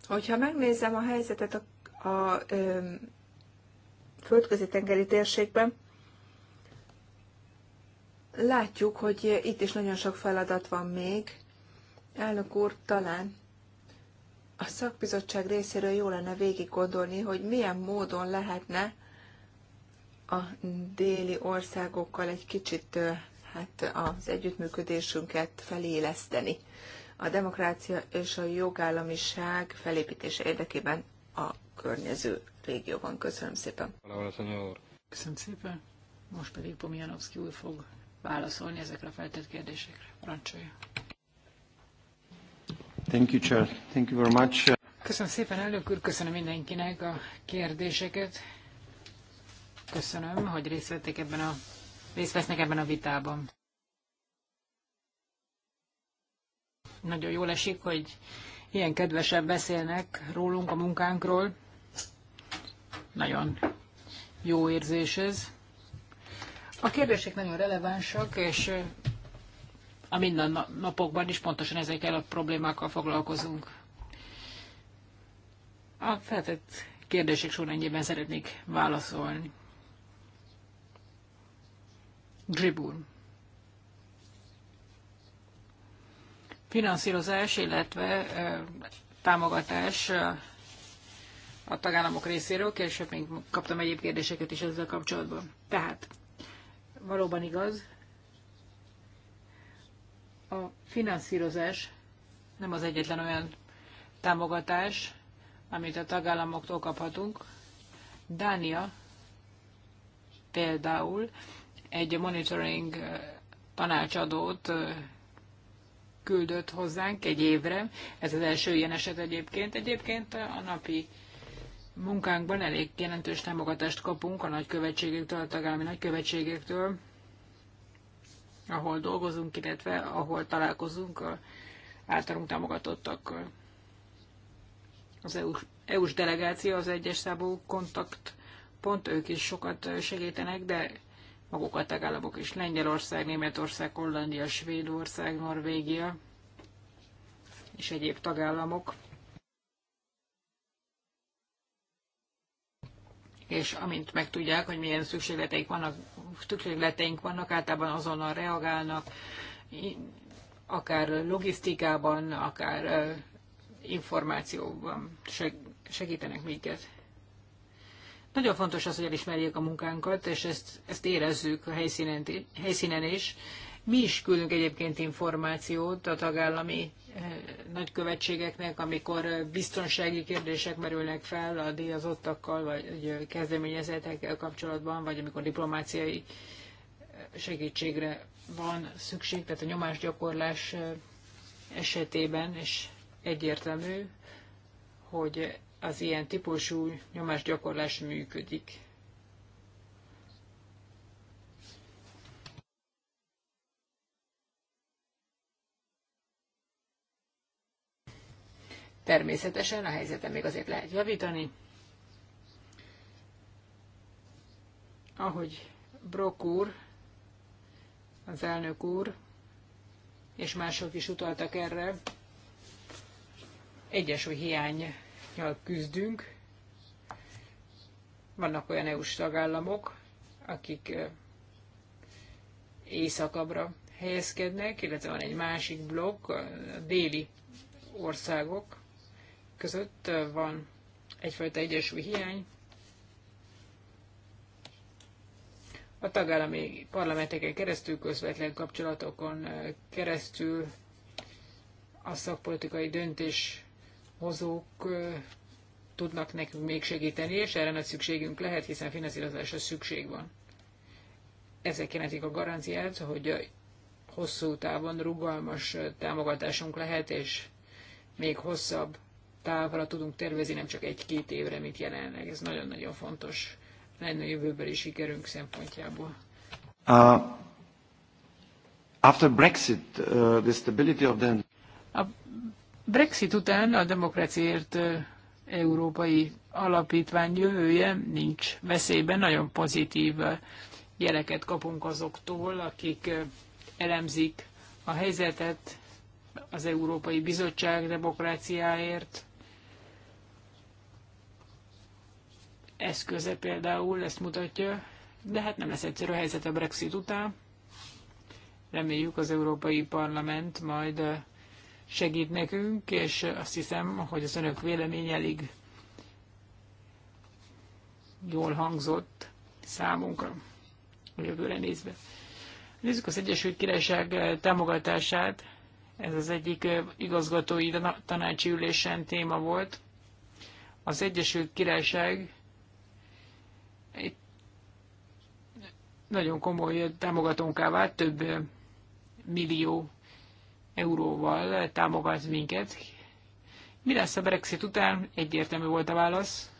Hogyha megnézem a helyzetet a, a ö, földközi tengeri térségben, látjuk, hogy itt is nagyon sok feladat van még. Elnök úr, talán a szakbizottság részéről jó lenne végig gondolni, hogy milyen módon lehetne a déli országokkal egy kicsit hát az együttműködésünket feléleszteni a demokrácia és a jogállamiság felépítése érdekében a környező régióban. Köszönöm szépen. Köszönöm szépen. Most pedig Pomjanovszki úr fog válaszolni ezekre a feltett kérdésekre. Parancsolja. Thank you, Chair. Thank you very much. Köszönöm szépen, elnök úr, köszönöm mindenkinek a kérdéseket. Köszönöm, hogy részt vettek ebben a részt vesznek ebben a vitában. Nagyon jól esik, hogy ilyen kedvesen beszélnek rólunk, a munkánkról. Nagyon jó érzés ez. A kérdések nagyon relevánsak, és a mindennapokban is pontosan ezekkel a problémákkal foglalkozunk. A feltett kérdések sorrendjében szeretnék válaszolni. Gribur. Finanszírozás, illetve támogatás a tagállamok részéről, később még kaptam egyéb kérdéseket is ezzel kapcsolatban. Tehát, valóban igaz, a finanszírozás nem az egyetlen olyan támogatás, amit a tagállamoktól kaphatunk. Dánia például egy monitoring tanácsadót küldött hozzánk egy évre. Ez az első ilyen eset egyébként. Egyébként a napi munkánkban elég jelentős támogatást kapunk a nagykövetségektől, a tagállami nagykövetségektől, ahol dolgozunk, illetve ahol találkozunk a általunk támogatottakkal. Az EU-s, eu delegáció az egyes számú kontaktpont, ők is sokat segítenek, de maguk a tagállamok is, Lengyelország, Németország, Hollandia, Svédország, Norvégia és egyéb tagállamok. És amint megtudják, hogy milyen szükségleteik vannak, szükségleteink vannak, általában azonnal reagálnak, akár logisztikában, akár információban segítenek minket. Nagyon fontos az, hogy elismerjék a munkánkat, és ezt, ezt érezzük a helyszínen, helyszínen is. Mi is küldünk egyébként információt a tagállami eh, nagykövetségeknek, amikor eh, biztonsági kérdések merülnek fel a díjazottakkal, vagy eh, kezdeményezetekkel kapcsolatban, vagy amikor diplomáciai segítségre van szükség, tehát a nyomásgyakorlás esetében, és egyértelmű, hogy az ilyen típusú nyomásgyakorlás működik. Természetesen a helyzetem még azért lehet javítani. Ahogy Brock úr, az elnök úr, és mások is utaltak erre, egyesúly hiány küzdünk. Vannak olyan EU-s tagállamok, akik éjszakabbra helyezkednek, illetve van egy másik blokk, a déli országok között van egyfajta egyensúly hiány. A tagállami parlamenteken keresztül, közvetlen kapcsolatokon keresztül a szakpolitikai döntés hozók tudnak nekünk még segíteni, és erre nagy szükségünk lehet, hiszen finanszírozásra szükség van. Ezek jelentik a garanciát, hogy a hosszú távon rugalmas támogatásunk lehet, és még hosszabb távra tudunk tervezni, nem csak egy-két évre, mint jelenleg. Ez nagyon-nagyon fontos lenne a jövőbeli sikerünk szempontjából. Uh, after Brexit, uh, the stability of the... A Brexit után a demokráciért európai alapítvány jövője nincs veszélyben, nagyon pozitív jeleket kapunk azoktól, akik elemzik a helyzetet az Európai Bizottság demokráciáért eszköze például ezt mutatja, de hát nem lesz egyszerű a helyzet a Brexit után. Reméljük az Európai Parlament majd segít nekünk, és azt hiszem, hogy az önök véleménye elég jól hangzott számunkra a jövőre nézve. Nézzük az Egyesült Királyság eh, támogatását. Ez az egyik eh, igazgatói tanácsi ülésen téma volt. Az Egyesült Királyság egy nagyon komoly eh, támogatónká vált, több millió euróval támogat minket. Mi lesz a Brexit után? Egyértelmű volt a válasz,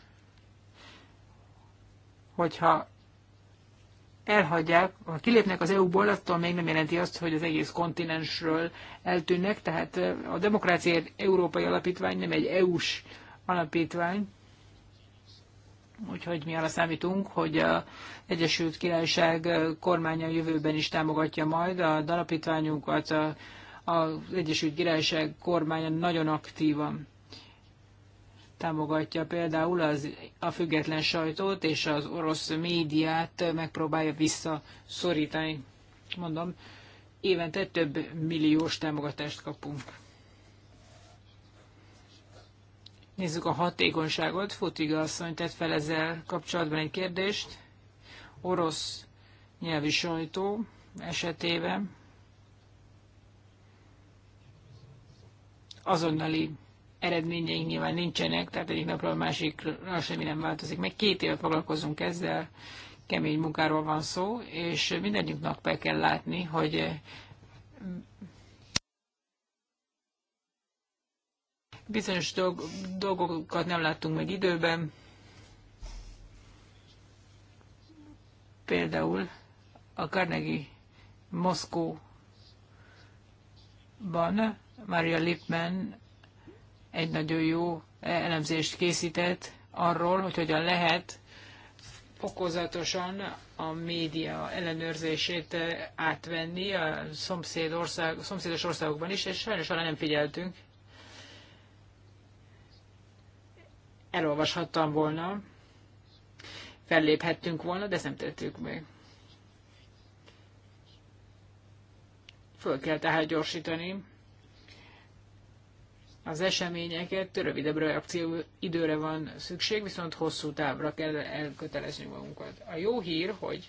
hogyha elhagyják, ha kilépnek az EU-ból, attól még nem jelenti azt, hogy az egész kontinensről eltűnnek, tehát a Demokráciáért Európai Alapítvány nem egy EU-s alapítvány, úgyhogy mi arra számítunk, hogy az Egyesült Királyság kormánya jövőben is támogatja majd a alapítványunkat, a az Egyesült Királyság kormánya nagyon aktívan támogatja például az, a független sajtót és az orosz médiát megpróbálja visszaszorítani. Mondom, évente több milliós támogatást kapunk. Nézzük a hatékonyságot. Futiga asszony tett fel ezzel kapcsolatban egy kérdést. Orosz nyelvi sajtó esetében azonnali eredményeink nyilván nincsenek, tehát egyik napról a másikra semmi nem változik. Meg két éve foglalkozunk ezzel, kemény munkáról van szó, és mindannyiunknak be kell látni, hogy bizonyos dolg- dolgokat nem láttunk meg időben. Például a Carnegie Moszkóban Maria Lipman egy nagyon jó elemzést készített arról, hogy hogyan lehet fokozatosan a média ellenőrzését eh, átvenni a szomszéd ország, szomszédos országokban is, és sajnos arra nem figyeltünk. Elolvashattam volna, felléphettünk volna, de ezt nem tettük meg. Föl kell tehát gyorsítani az eseményeket, rövidebb reakció időre van szükség, viszont hosszú távra kell elkötelezni magunkat. A jó hír, hogy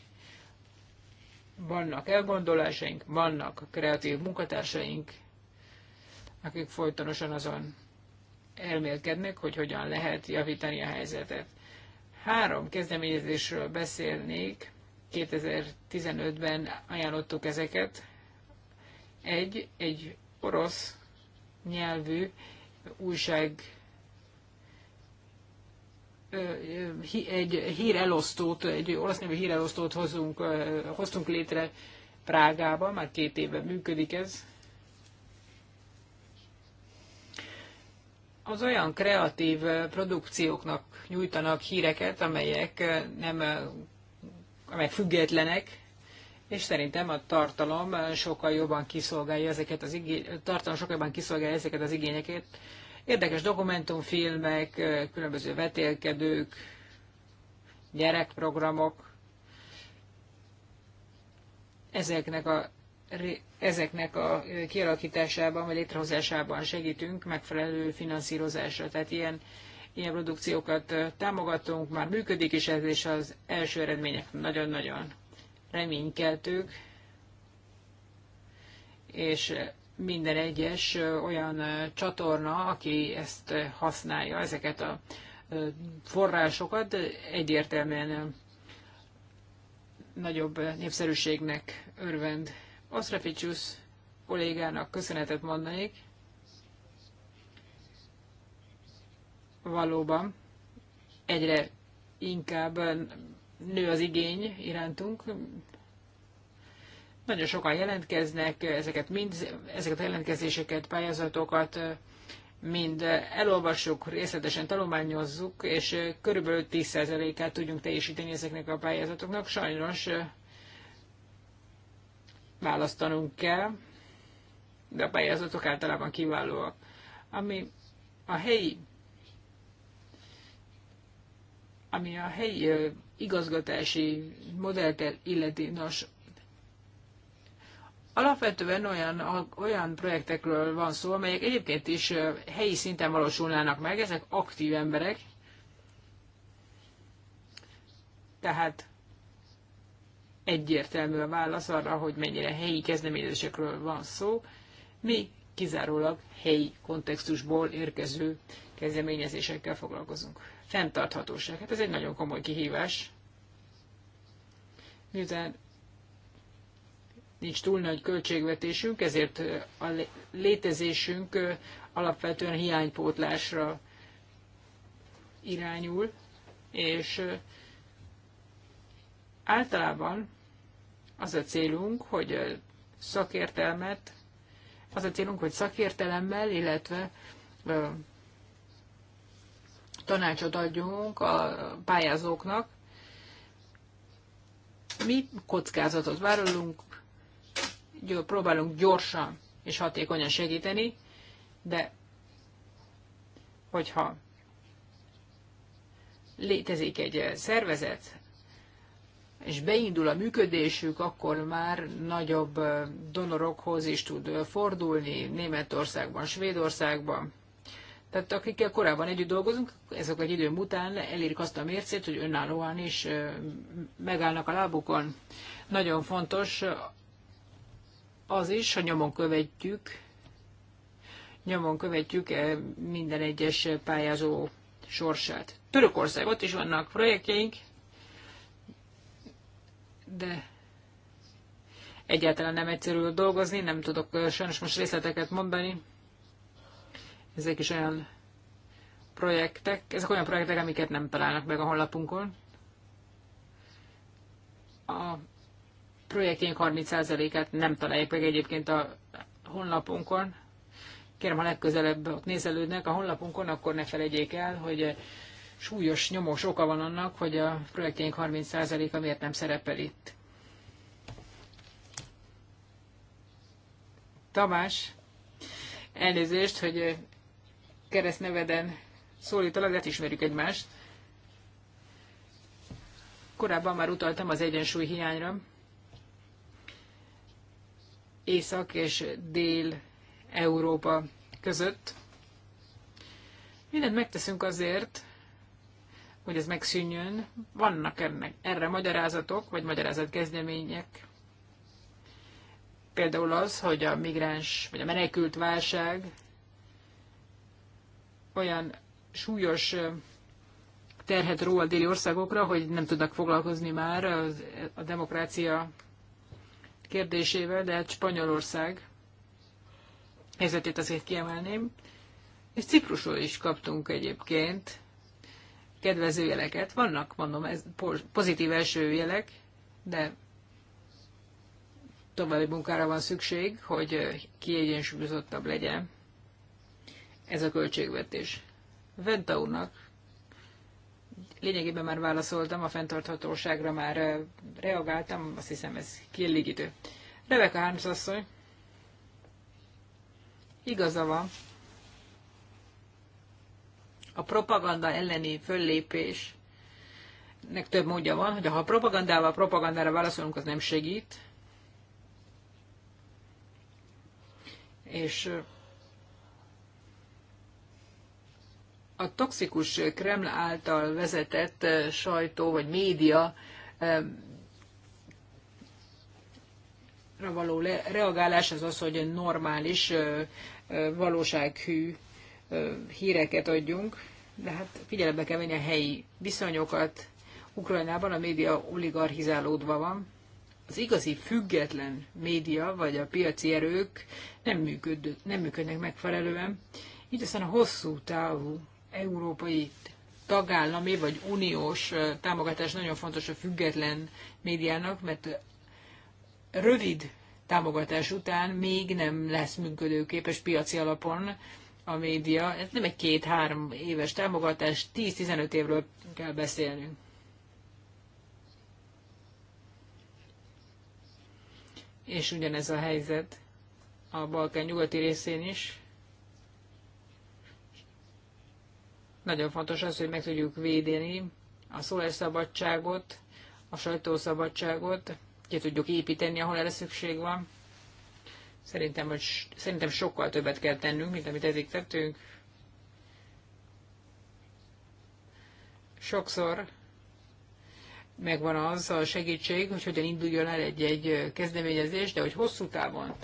vannak elgondolásaink, vannak kreatív munkatársaink, akik folytonosan azon elmélkednek, hogy hogyan lehet javítani a helyzetet. Három kezdeményezésről beszélnék, 2015-ben ajánlottuk ezeket. Egy, egy orosz nyelvű újság egy hírelosztót, egy olasz nyelvű hírelosztót hozunk, hoztunk létre Prágába, már két éve működik ez. Az olyan kreatív produkcióknak nyújtanak híreket, amelyek nem amelyek függetlenek, és szerintem a tartalom sokkal jobban kiszolgálja ezeket az igényeket, tartalom sokkal jobban kiszolgálja ezeket az igényeket. Érdekes dokumentumfilmek, különböző vetélkedők, gyerekprogramok, ezeknek a ezeknek a kialakításában vagy létrehozásában segítünk megfelelő finanszírozásra. Tehát ilyen, ilyen produkciókat támogatunk, már működik is ez, és az első eredmények nagyon-nagyon reménykeltők, és minden egyes olyan csatorna, aki ezt használja, ezeket a forrásokat egyértelműen nagyobb népszerűségnek örvend. Osztraficsus kollégának köszönetet mondanék. Valóban egyre inkább nő az igény irántunk. Nagyon sokan jelentkeznek, ezeket mind, ezeket a jelentkezéseket, pályázatokat mind elolvassuk, részletesen tanulmányozzuk, és körülbelül 10%-át tudjunk teljesíteni ezeknek a pályázatoknak. Sajnos választanunk kell, de a pályázatok általában kiválóak. Ami a helyi ami a helyi igazgatási modellt illeti. Nos, alapvetően olyan, olyan projektekről van szó, amelyek egyébként is helyi szinten valósulnának meg, ezek aktív emberek, tehát egyértelmű a válasz arra, hogy mennyire helyi kezdeményezésekről van szó. Mi kizárólag helyi kontextusból érkező kezdeményezésekkel foglalkozunk fenntarthatóság. Hát ez egy nagyon komoly kihívás. Miután nincs túl nagy költségvetésünk, ezért a létezésünk alapvetően hiánypótlásra irányul, és általában az a célunk, hogy szakértelmet, az a célunk, hogy szakértelemmel, illetve tanácsot adjunk a pályázóknak. Mi kockázatot vállalunk, próbálunk gyorsan és hatékonyan segíteni, de hogyha létezik egy szervezet, és beindul a működésük, akkor már nagyobb donorokhoz is tud fordulni Németországban, Svédországban tehát akikkel korábban együtt dolgozunk, ezek egy idő után elérik azt a mércét, hogy önállóan is megállnak a lábukon. Nagyon fontos az is, hogy nyomon követjük, nyomon követjük minden egyes pályázó sorsát. Törökország, ott is vannak projektjeink, de egyáltalán nem egyszerű dolgozni, nem tudok sajnos most részleteket mondani, ezek is olyan projektek, ezek olyan projektek, amiket nem találnak meg a honlapunkon. A projektjénk 30%-át nem találják meg egyébként a honlapunkon. Kérem, ha legközelebb ott nézelődnek a honlapunkon, akkor ne felejtjék el, hogy súlyos nyomós oka van annak, hogy a projektjénk 30%-a miért nem szerepel itt. Tamás, elnézést, hogy keresztneveden szólítalak, hát ismerjük egymást. Korábban már utaltam az egyensúly hiányra. Észak és Dél-Európa között. Mindent megteszünk azért, hogy ez megszűnjön. Vannak ennek, erre magyarázatok, vagy magyarázatkezdemények. Például az, hogy a migráns, vagy a menekült válság olyan súlyos terhet ró a déli országokra, hogy nem tudnak foglalkozni már a demokrácia kérdésével, de hát Spanyolország helyzetét azért kiemelném. És Ciprusról is kaptunk egyébként kedvező jeleket. Vannak, mondom, ez pozitív első jelek, de további munkára van szükség, hogy kiegyensúlyozottabb legyen ez a költségvetés. Venta úrnak lényegében már válaszoltam, a fenntarthatóságra már eh, reagáltam, azt hiszem ez kielégítő. Rebecca Harms asszony, igaza van, a propaganda elleni föllépés nek több módja van, hogy ha a propagandával a propagandára válaszolunk, az nem segít. És eh, a toxikus Kreml által vezetett eh, sajtó vagy média eh, való reagálás az az, hogy normális, eh, valósághű híreket adjunk, de hát figyelembe kell venni a helyi viszonyokat. Ukrajnában a média oligarchizálódva van. Az igazi független média vagy a piaci erők nem, működ, nem működnek megfelelően, így aztán a hosszú távú európai tagállami vagy uniós támogatás nagyon fontos a független médiának, mert rövid támogatás után még nem lesz működőképes piaci alapon a média. Ez nem egy két-három éves támogatás, 10-15 évről kell beszélnünk. És ugyanez a helyzet a Balkán nyugati részén is. Nagyon fontos az, hogy meg tudjuk védeni a szólásszabadságot, a sajtószabadságot, ki tudjuk építeni, ahol erre szükség van. Szerintem, hogy, szerintem sokkal többet kell tennünk, mint amit eddig tettünk. Sokszor megvan az a segítség, hogy hogyan induljon el egy-egy kezdeményezés, de hogy hosszú távon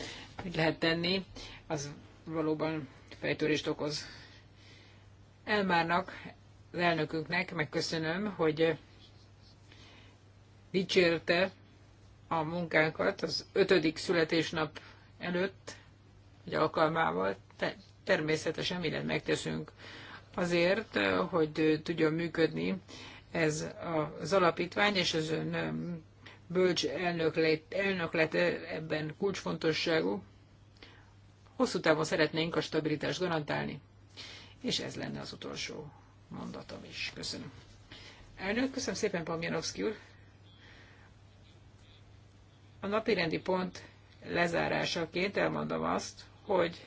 mit lehet tenni, az valóban fejtörést okoz. Elmárnak, az elnökünknek megköszönöm, hogy dicsérte a munkánkat az ötödik születésnap előtt, egy alkalmával. természetesen mindent megteszünk azért, hogy tudjon működni ez az alapítvány, és az ön um, bölcs elnöklet, elnöklete ebben kulcsfontosságú. Hosszú távon szeretnénk a stabilitást garantálni és ez lenne az utolsó mondatom is. Köszönöm. Elnök, köszönöm szépen, Pamjanovszki úr. A rendi pont lezárásaként elmondom azt, hogy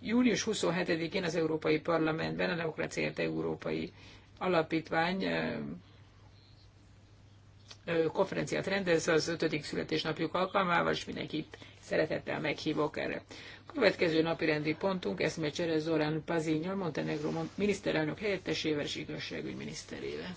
július 27-én az Európai Parlamentben a Demokráciát Európai Alapítvány konferenciát rendez az ötödik születésnapjuk alkalmával, és mindenkit szeretettel meghívok erre. Következő napi rendi pontunk eszmecsere Zorán Pazinyal, Montenegro miniszterelnök helyettesével és igazságügyminiszterével.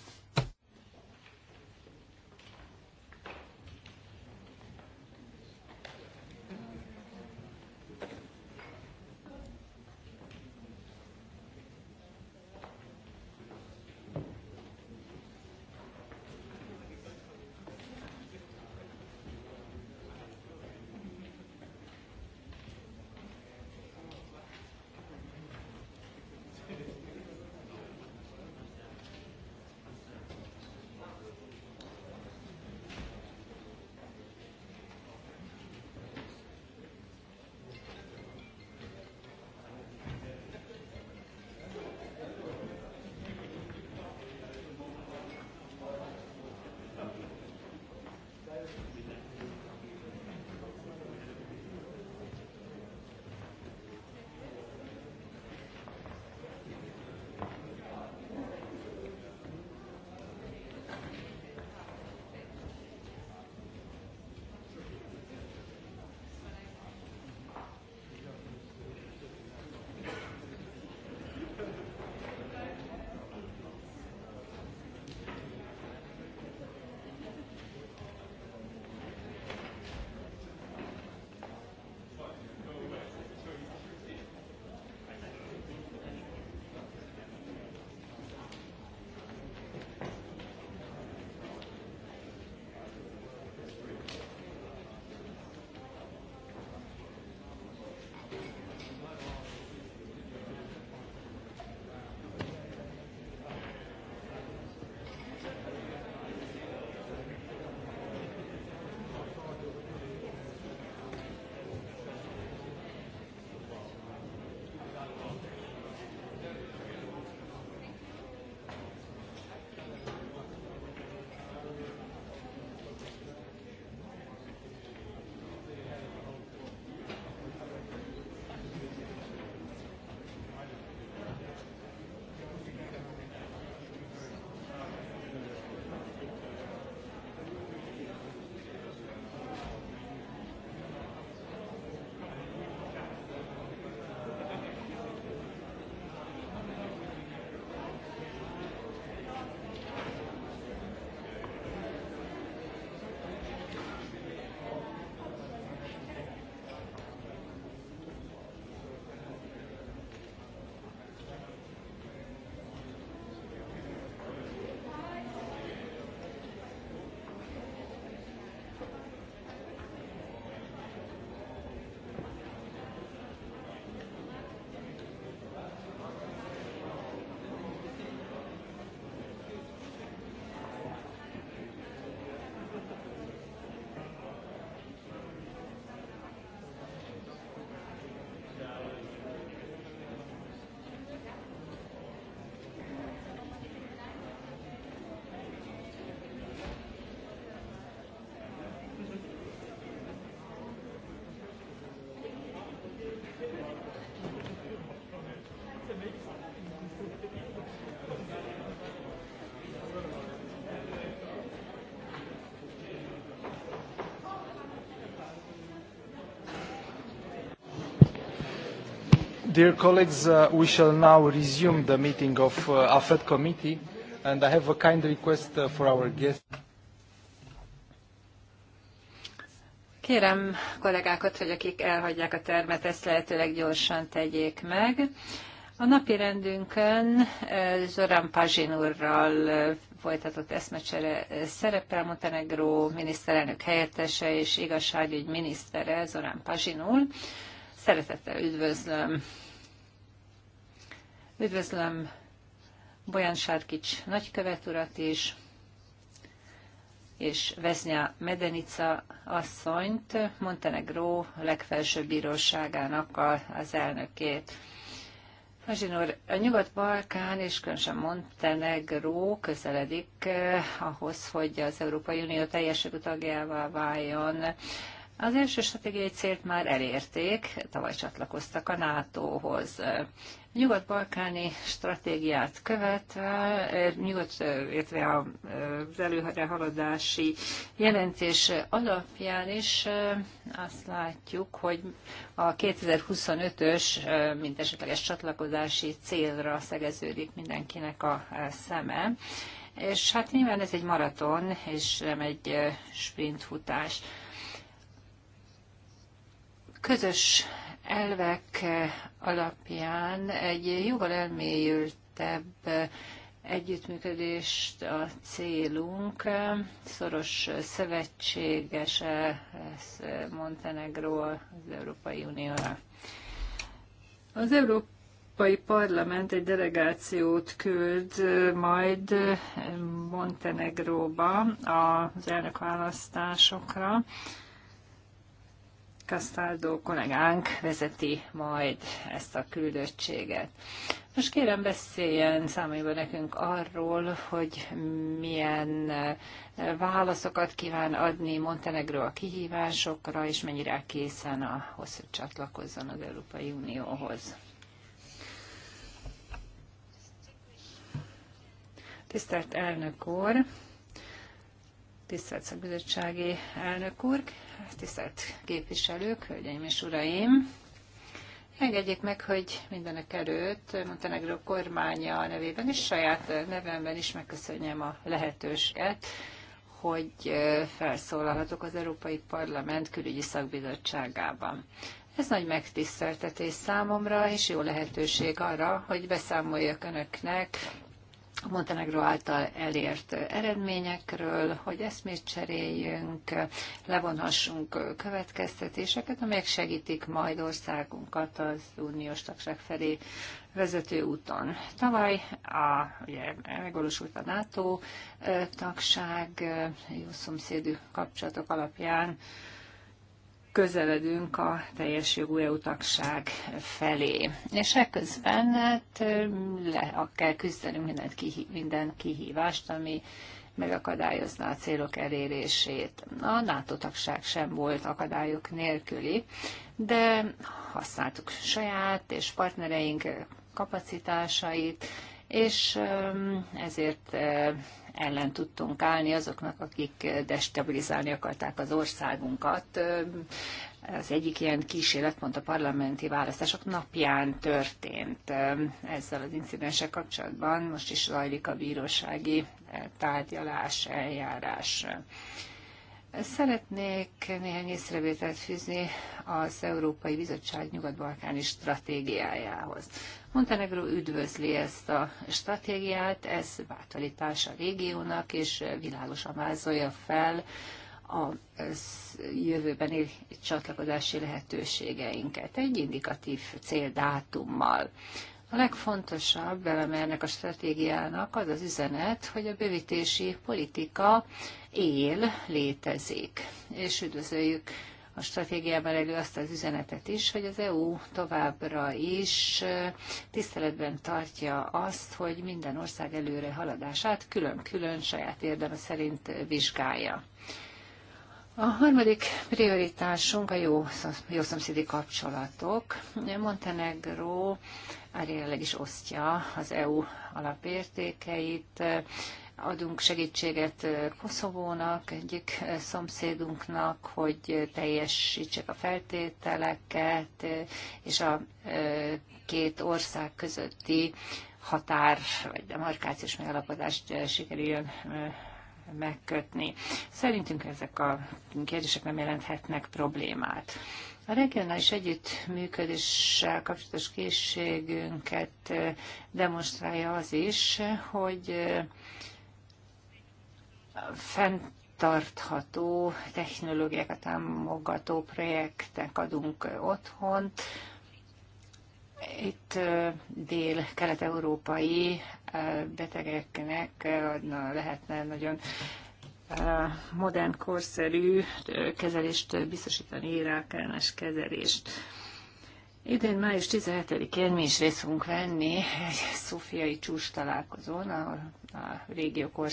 Dear colleagues, uh, we shall now resume the meeting of uh, AFED committee, and I have a kind request uh, for our guest. Kérem kollégákat, hogy akik elhagyják a termet, ezt lehetőleg gyorsan tegyék meg. A napi rendünkön uh, Zoran Pazsin úrral uh, folytatott eszmecsere uh, szerepel Montenegró miniszterelnök helyettese és igazságügy minisztere Zoran Pazsin úr. Szeretettel üdvözlöm Üdvözlöm Bojan Sárkics nagykövet urat is, és Veznya Medenica asszonyt, Montenegró legfelsőbb bíróságának az elnökét. Hazsin úr, a Nyugat-Balkán és különösen Montenegró közeledik eh, ahhoz, hogy az Európai Unió teljes tagjává váljon. Az első stratégiai célt már elérték, tavaly csatlakoztak a NATO-hoz. Nyugat-balkáni stratégiát követve, nyugat, illetve az előrehaladási jelentés alapján is azt látjuk, hogy a 2025-ös, mint esetleges csatlakozási célra szegeződik mindenkinek a szeme. És hát nyilván ez egy maraton, és nem egy sprintfutás. futás közös elvek alapján egy jóval elmélyültebb együttműködést a célunk. Szoros szövetségese Montenegro az Európai Unióra. Az Európai Parlament egy delegációt küld majd Montenegróba az elnökválasztásokra. választásokra Castaldo kollégánk vezeti majd ezt a küldöttséget. Most kérem beszéljen, számoljon nekünk arról, hogy milyen eh, válaszokat kíván adni Montenegro a kihívásokra, és mennyire készen ahhoz, hogy csatlakozzon az Európai Unióhoz. Tisztelt elnök úr, tisztelt szakbizottsági elnök úr, tisztelt képviselők, hölgyeim és uraim! Engedjék meg, hogy mindenek előtt Montenegro kormánya nevében és saját nevemben is megköszönjem a lehetőséget, hogy felszólalhatok az Európai Parlament külügyi szakbizottságában. Ez nagy megtiszteltetés számomra, és jó lehetőség arra, hogy beszámoljak önöknek a Montenegro által elért eredményekről, hogy eszmét cseréljünk, levonhassunk következtetéseket, amelyek segítik majd országunkat az uniós tagság felé vezető úton. Tavaly a, ugye, megvalósult a NATO tagság, jó szomszédű kapcsolatok alapján közeledünk a teljes jogú eu felé. És ekközben hát le kell küzdenünk minden, kihí- minden kihívást, ami megakadályozná a célok elérését. A NATO tagság sem volt akadályok nélküli, de használtuk saját és partnereink kapacitásait, és um, ezért ellen tudtunk állni azoknak, akik destabilizálni akarták az országunkat. Az egyik ilyen kísérlet pont a parlamenti választások napján történt ezzel az incidensek kapcsolatban. Most is zajlik a bírósági tárgyalás, eljárás. Szeretnék néhány észrevételt fűzni az Európai Bizottság nyugat-balkáni stratégiájához. Montenegro üdvözli ezt a stratégiát, ez bátorítás a régiónak, és világosan vázolja fel a jövőben csatlakozási lehetőségeinket egy indikatív céldátummal. A legfontosabb eleme ennek a stratégiának az az üzenet, hogy a bővítési politika él, létezik, és üdvözöljük a stratégiában elő azt az üzenetet is, hogy az EU továbbra is tiszteletben tartja azt, hogy minden ország előre haladását külön-külön saját érdeme szerint vizsgálja. A harmadik prioritásunk a jó, jó szomszédi kapcsolatok. Montenegro jelenleg is osztja az EU alapértékeit, adunk segítséget Koszovónak, egyik szomszédunknak, hogy teljesítsék a feltételeket, és a két ország közötti határ vagy demarkációs megállapodást sikerüljön megkötni. Szerintünk ezek a kérdések nem jelenthetnek problémát. A regionális együttműködéssel kapcsolatos készségünket demonstrálja az is, hogy fenntartható technológiákat támogató projektnek adunk otthont. Itt dél-kelet-európai betegeknek adna lehetne nagyon modern, korszerű kezelést biztosítani, rákellenes kezelést. Idén május 17-én mi is részt fogunk venni egy szofiai csúcs találkozón a, a régió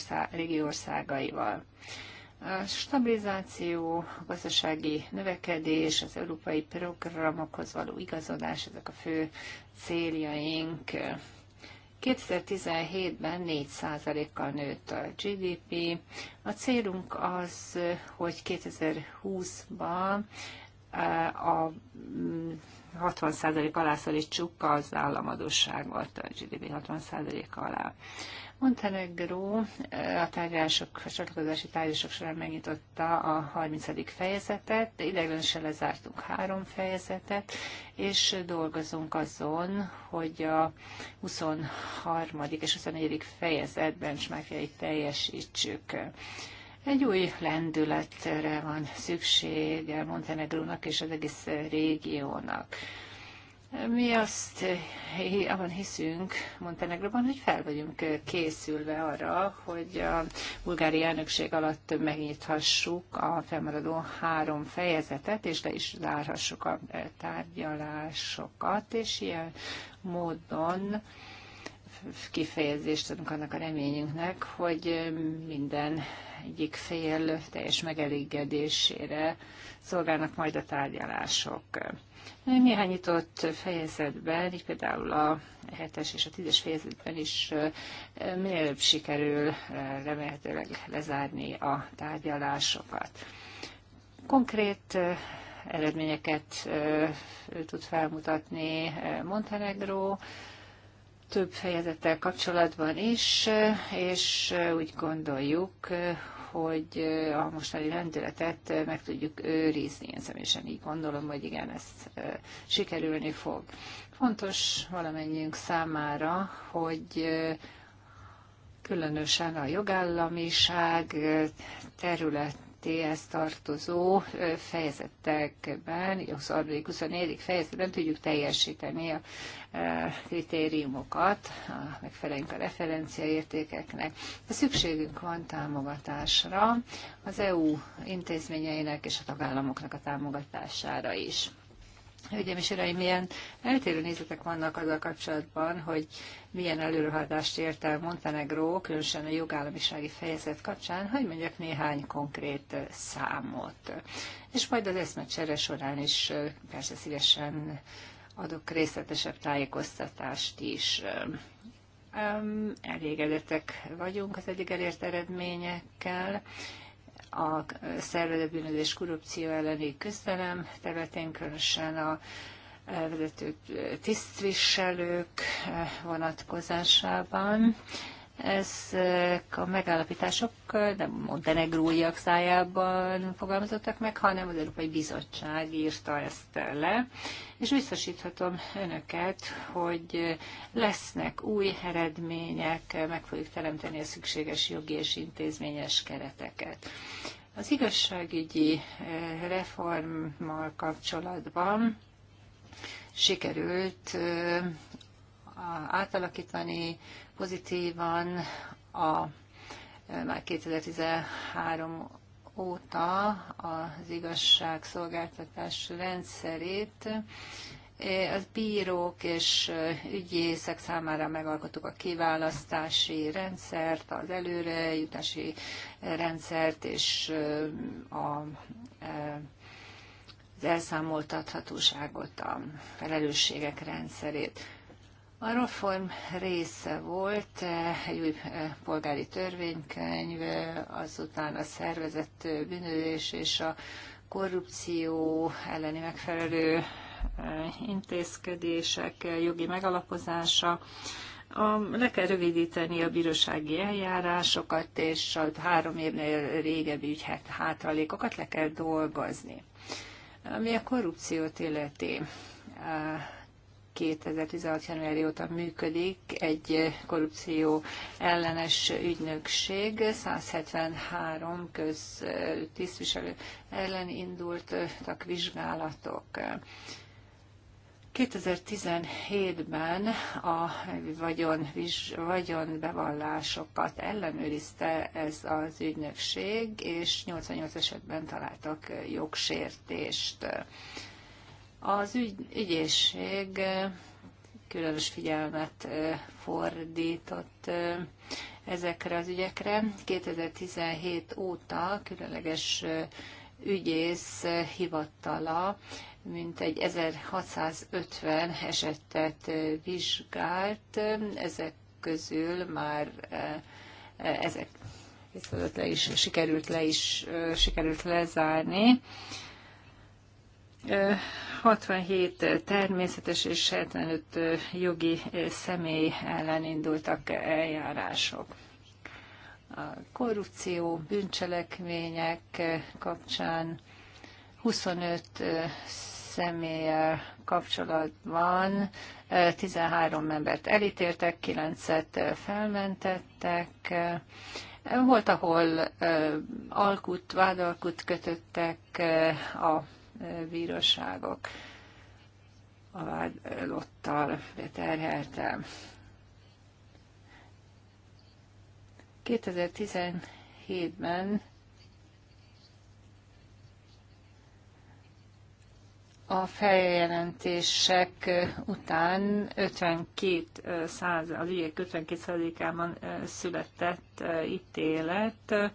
országaival. A stabilizáció, a gazdasági növekedés, az európai programokhoz való igazodás, ezek a fő céljaink. 2017-ben 4%-kal nőtt a GDP. A célunk az, hogy 2020-ban eh, a 60% alá szorítsuk az államadóságot, a GDP 60% alá. Montenegro a tárgyalások, a csatlakozási tárgyalások során megnyitotta a 30. fejezetet, de ideiglenesen lezártunk három fejezetet, és dolgozunk azon, hogy a 23. és 24. fejezet benchmarkjait teljesítsük. Egy új lendületre van szüksége Montenegrónak és az egész régiónak. Mi azt abban hiszünk Montenegróban, hogy fel vagyunk készülve arra, hogy a bulgári elnökség alatt megnyithassuk a felmaradó három fejezetet, és le is zárhassuk a tárgyalásokat, és ilyen módon kifejezést adunk annak a reményünknek, hogy minden egyik fél teljes megelégedésére szolgálnak majd a tárgyalások. Néhány nyitott fejezetben, így például a 7-es és a 10-es fejezetben is minél előbb sikerül remélhetőleg lezárni a tárgyalásokat. Konkrét eredményeket tud felmutatni Montenegro, több fejezettel kapcsolatban is, és úgy gondoljuk, hogy a mostani lendületet meg tudjuk őrizni. Én személyesen így gondolom, hogy igen, ez sikerülni fog. Fontos valamennyiünk számára, hogy különösen a jogállamiság terület TS tartozó fejezetekben, 24. fejezetben tudjuk teljesíteni a kritériumokat, megfelelünk a referenciaértékeknek. De szükségünk van támogatásra, az EU intézményeinek és a tagállamoknak a támogatására is. Hölgyeim és Uraim, milyen eltérő nézetek vannak azzal kapcsolatban, hogy milyen előrehadást ért el Montenegró, különösen a jogállamisági fejezet kapcsán, hogy mondjak néhány konkrét számot. És majd az eszmecsere során is persze szívesen adok részletesebb tájékoztatást is. Elégedettek vagyunk az eddig elért eredményekkel, a szervezett bűnözés korrupció elleni küzdelem területén, különösen a eh, vezető tisztviselők eh, vonatkozásában. Ezek a megállapítások nem montenegróiak szájában fogalmazottak meg, hanem az Európai Bizottság írta ezt le, és biztosíthatom önöket, hogy lesznek új eredmények, meg fogjuk teremteni a szükséges jogi és intézményes kereteket. Az igazságügyi eh, reformmal kapcsolatban sikerült eh, átalakítani pozitívan a e, már 2013 óta az igazságszolgáltatás rendszerét. E, a bírók és e, ügyészek számára megalkottuk a kiválasztási rendszert, az előrejutási rendszert és a az elszámoltathatóságot, a felelősségek rendszerét. A reform része volt eh, egy új eh, polgári törvénykönyv, azután a szervezett eh, bűnözés és a korrupció elleni megfelelő intézkedések jogi megalapozása. A, le kell rövidíteni a bírósági eljárásokat, és a három évnél régebbi ügyhet hátralékokat le kell dolgozni. Ami a korrupciót illeti, 2016. januári óta működik egy korrupció ellenes ügynökség. 173 köztisztviselő ellen indultak vizsgálatok. 2017-ben a vagyon, vagyonbevallásokat ellenőrizte ez az ügynökség, és 88 esetben találtak jogsértést. Az ügy, ügyészség különös figyelmet fordított ezekre az ügyekre. 2017 óta különleges ügyész hivatala mintegy 1650 esetet vizsgált, ezek közül már ezek le is sikerült le is sikerült lezárni. 67 természetes és 75 jogi személy ellen indultak eljárások. A korrupció, bűncselekmények kapcsán 25 személlyel kapcsolatban 13 embert elítéltek, 9-et felmentettek. Volt, ahol alkut, vádalkut kötöttek a bíróságok a vádlottal beterhelte. 2017-ben a feljelentések után 52 száz, az ügyek 52 százalékában született ítélet,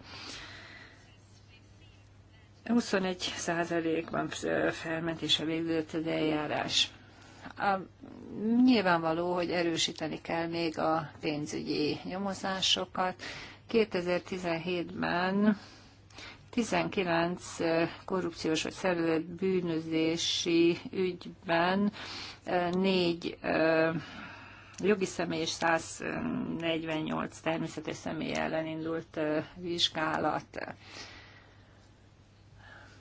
21 százalékban a végződött az eljárás. A, nyilvánvaló, hogy erősíteni kell még a pénzügyi nyomozásokat. 2017-ben 19 korrupciós vagy szervezett bűnözési ügyben 4 jogi személy és 148 természetes személy ellen indult vizsgálat.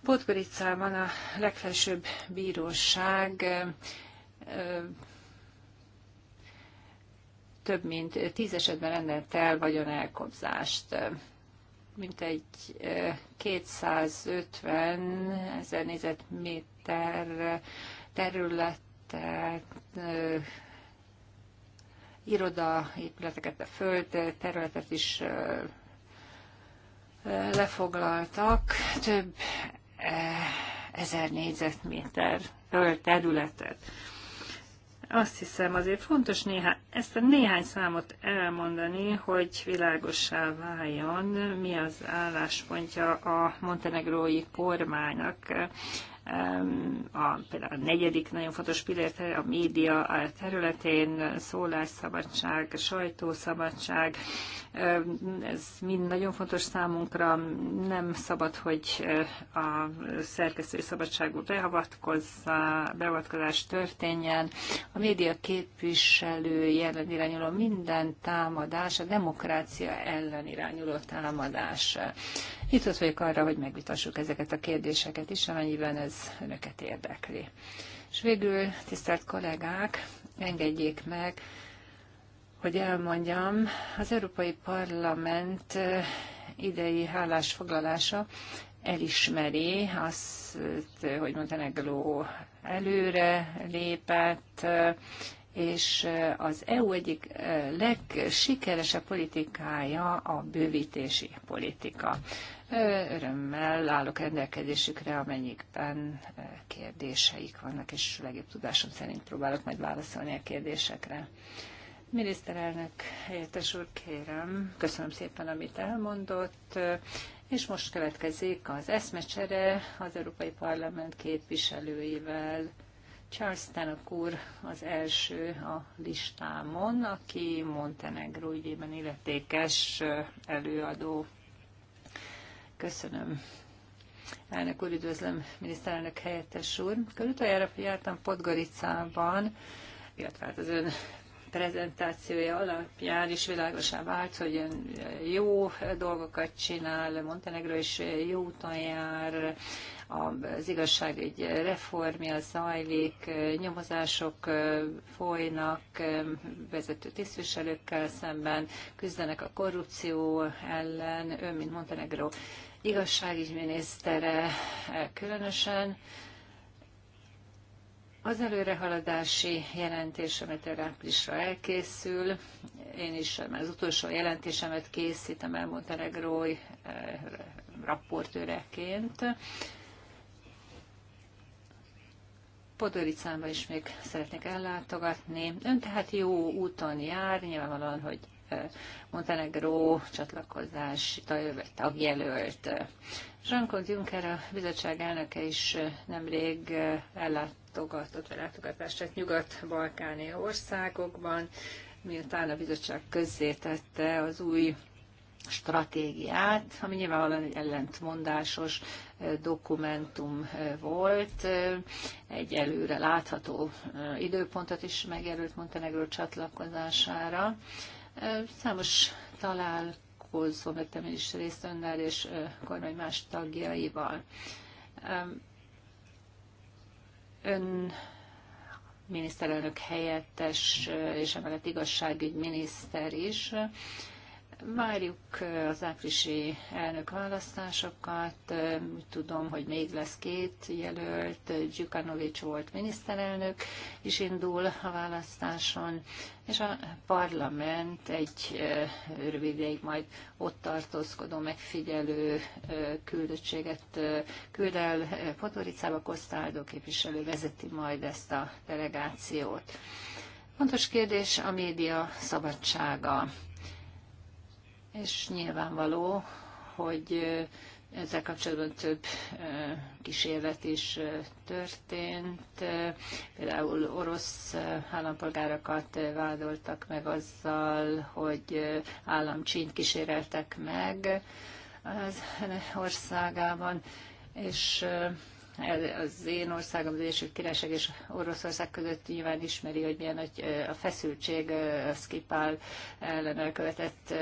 Podgoricában a legfelsőbb bíróság több mint tíz esetben rendelt el vagyonelkobzást. Mintegy 250 ezer négyzetméter területet iroda a föld területet is lefoglaltak. Több Eh, ezer négyzetméter földterületet. Azt hiszem azért fontos néha ezt a néhány számot elmondani, hogy világossá váljon, mi az álláspontja a montenegrói kormánynak a, például a negyedik nagyon fontos pillér a média területén, szólásszabadság, sajtószabadság, ez mind nagyon fontos számunkra, nem szabad, hogy eh, a szerkesztői szabadságú beavatkozás történjen. A média képviselő jelen irányuló minden támadás, a demokrácia ellen irányuló támadás. Nyitott vagyok arra, hogy megvitassuk ezeket a kérdéseket is, amennyiben ez önöket érdekli. És végül, tisztelt kollégák, engedjék meg, hogy elmondjam, az Európai Parlament idei hálásfoglalása elismeri azt, hogy Montenegro előre lépett, és az EU egyik legsikeresebb politikája a bővítési politika. Örömmel állok rendelkezésükre, amennyikben kérdéseik vannak, és legjobb tudásom szerint próbálok majd válaszolni a kérdésekre. Miniszterelnök helyettes úr, kérem, köszönöm szépen, amit elmondott, és most következik az eszmecsere az Európai Parlament képviselőivel. Charles Tanok úr az első a listámon, aki Montenegro ügyében illetékes előadó. Köszönöm. Elnök úr, üdvözlöm, miniszterelnök helyettes úr. Utoljára jártam Podgoricában, illetve hát az ön prezentációja alapján is világosá vált, hogy jó dolgokat csinál, Montenegro is jó úton jár, az egy reformja zajlik, nyomozások folynak, vezető tisztviselőkkel szemben küzdenek a korrupció ellen, ön, mint Montenegro igazságügyminisztere eh, különösen. Az előrehaladási jelentés, amit áprilisra elkészül, én is eh, már az utolsó jelentésemet készítem el Montenegrói eh, raportőreként. Podoricámba is még szeretnék ellátogatni. Ön tehát jó úton jár, nyilvánvalóan, hogy Montenegró csatlakozás tagjelölt. Jean-Claude Juncker, a bizottság elnöke is nemrég ellátogatott, vagy látogatást tett nyugat-balkáni országokban, miután a bizottság közzétette az új stratégiát, ami nyilvánvalóan egy ellentmondásos dokumentum volt, egy előre látható időpontot is megjelölt Montenegró csatlakozására. Számos találkozó vettem én is részt önnel és kormány más tagjaival. Ön miniszterelnök helyettes és emellett igazságügyminiszter is Várjuk az áprilisi elnök választásokat. Tudom, hogy még lesz két jelölt. Gyukanovics volt miniszterelnök, és indul a választáson, és a parlament egy rövidéig majd ott tartózkodó megfigyelő küldöttséget küld el Potoricába, Kosztáldó képviselő vezeti majd ezt a delegációt. Fontos kérdés a média szabadsága és nyilvánvaló, hogy ezzel kapcsolatban több kísérlet is történt. Például orosz állampolgárokat vádoltak meg azzal, hogy államcsint kíséreltek meg az országában, és az én országom, az Egyesült Királyság és Oroszország között nyilván ismeri, hogy milyen nagy a feszültség a Skipál ellen elkövetett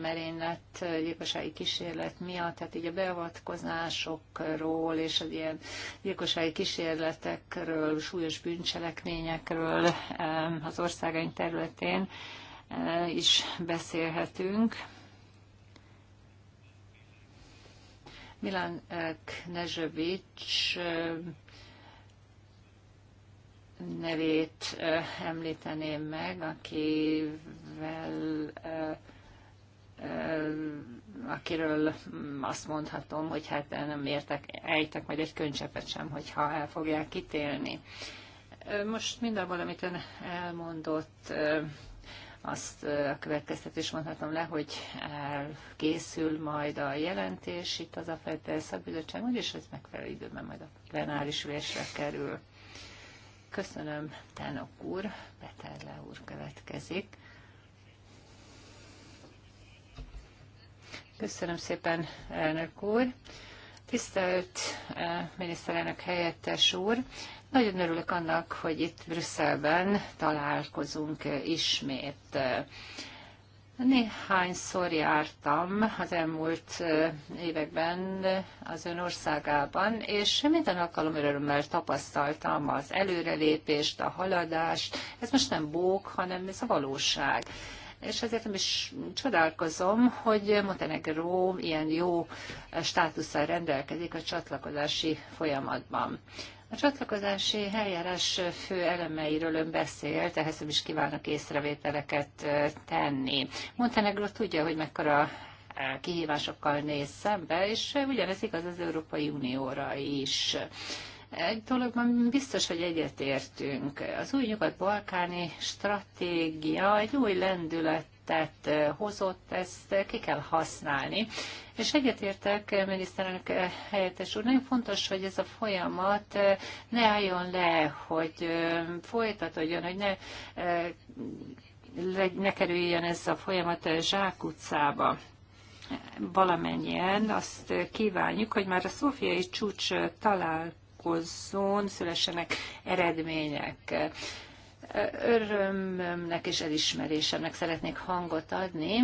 merénylet, gyilkossági kísérlet miatt, tehát így a beavatkozásokról és az ilyen gyilkossági kísérletekről, súlyos bűncselekményekről az országaink területén is beszélhetünk Milan eh, Knezsevics eh, nevét eh, említeném meg, akivel akiről azt mondhatom, hogy hát nem értek, ejtek majd egy könycsepet sem, hogyha el fogják ítélni. Most minden amit ön elmondott, azt a következtetés mondhatom le, hogy készül majd a jelentés itt az a fejtel szakbizottságon, és ez megfelelő időben majd a plenáris ülésre kerül. Köszönöm, Tánok úr, Peterle úr következik. Köszönöm szépen, elnök úr. Tisztelt miniszterelnök helyettes úr! Nagyon örülök annak, hogy itt Brüsszelben találkozunk ismét. Néhányszor jártam az elmúlt években az ön országában, és minden alkalom örömmel tapasztaltam az előrelépést, a haladást. Ez most nem bók, hanem ez a valóság. És ezért nem is csodálkozom, hogy Montenegró ilyen jó státusszal rendelkezik a csatlakozási folyamatban. A csatlakozási eljárás fő elemeiről ön beszélt, ehhez is kívánok észrevételeket tenni. Montenegro tudja, hogy mekkora kihívásokkal néz szembe, és ugyanez igaz az Európai Unióra is. Egy dologban biztos, hogy egyetértünk. Az új nyugat-balkáni stratégia egy új lendület többletet eh, hozott, ezt eh, ki kell használni. És egyetértek, eh, miniszterelnök helyettes úr, nagyon fontos, hogy ez a folyamat ne álljon le, hogy folytatódjon, hogy ne ne kerüljön ez a folyamat zsákutcába. Valamennyien azt kívánjuk, hogy már a szófiai csúcs találkozón szülessenek eredmények örömömnek és elismerésemnek szeretnék hangot adni,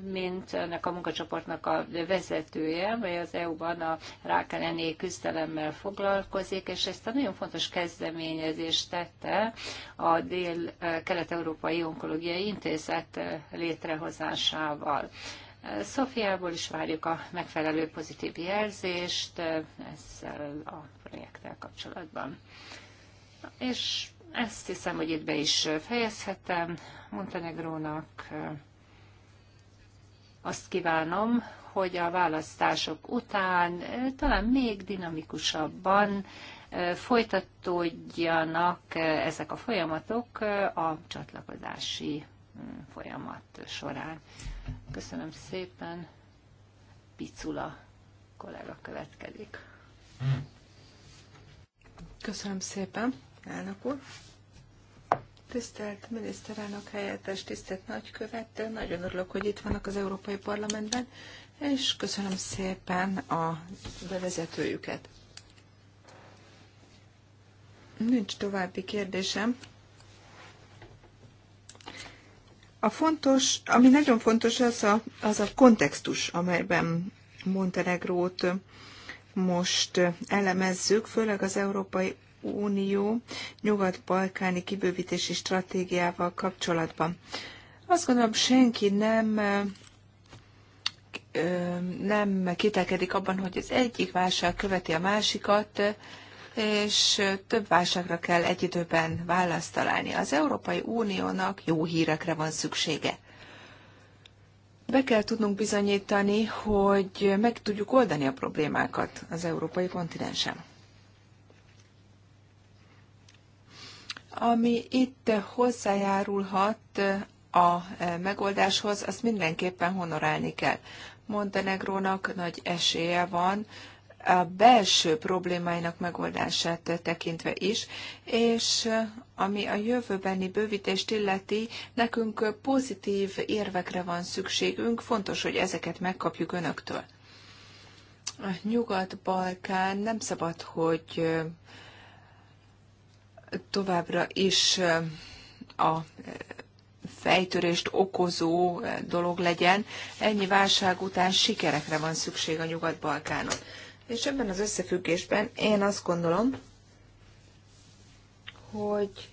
mint ennek a munkacsoportnak a vezetője, vagy az EU-ban a rák elleni küzdelemmel foglalkozik, és ezt a nagyon fontos kezdeményezést tette a Dél-Kelet-Európai Onkológiai Intézet létrehozásával. Szofiából is várjuk a megfelelő pozitív jelzést ezzel a projekttel kapcsolatban. És ezt hiszem, hogy itt be is fejezhetem. Montenegrónak azt kívánom, hogy a választások után talán még dinamikusabban folytatódjanak ezek a folyamatok a csatlakozási folyamat során. Köszönöm szépen. Picula kollega következik. Köszönöm szépen elnök úr! Tisztelt miniszterelnök helyettes, tisztelt nagykövet, nagyon örülök, hogy itt vannak az Európai Parlamentben, és köszönöm szépen a bevezetőjüket. Nincs további kérdésem. A fontos, ami nagyon fontos, az a, az a kontextus, amelyben Montenegrót most elemezzük, főleg az Európai Unió nyugat-balkáni kibővítési stratégiával kapcsolatban. Azt gondolom, senki nem nem kételkedik abban, hogy az egyik válság követi a másikat, és több válságra kell egy időben választ találni. Az Európai Uniónak jó hírekre van szüksége. Be kell tudnunk bizonyítani, hogy meg tudjuk oldani a problémákat az európai kontinensen. ami itt hozzájárulhat a e, megoldáshoz, azt mindenképpen honorálni kell. Montenegrónak nagy esélye van a belső problémáinak megoldását tekintve is, és ami a jövőbeni bővítést illeti, nekünk pozitív érvekre van szükségünk, fontos, hogy ezeket megkapjuk önöktől. A Nyugat-Balkán nem szabad, hogy továbbra is a fejtörést okozó dolog legyen. Ennyi válság után sikerekre van szükség a Nyugat-Balkánon. És ebben az összefüggésben én azt gondolom, hogy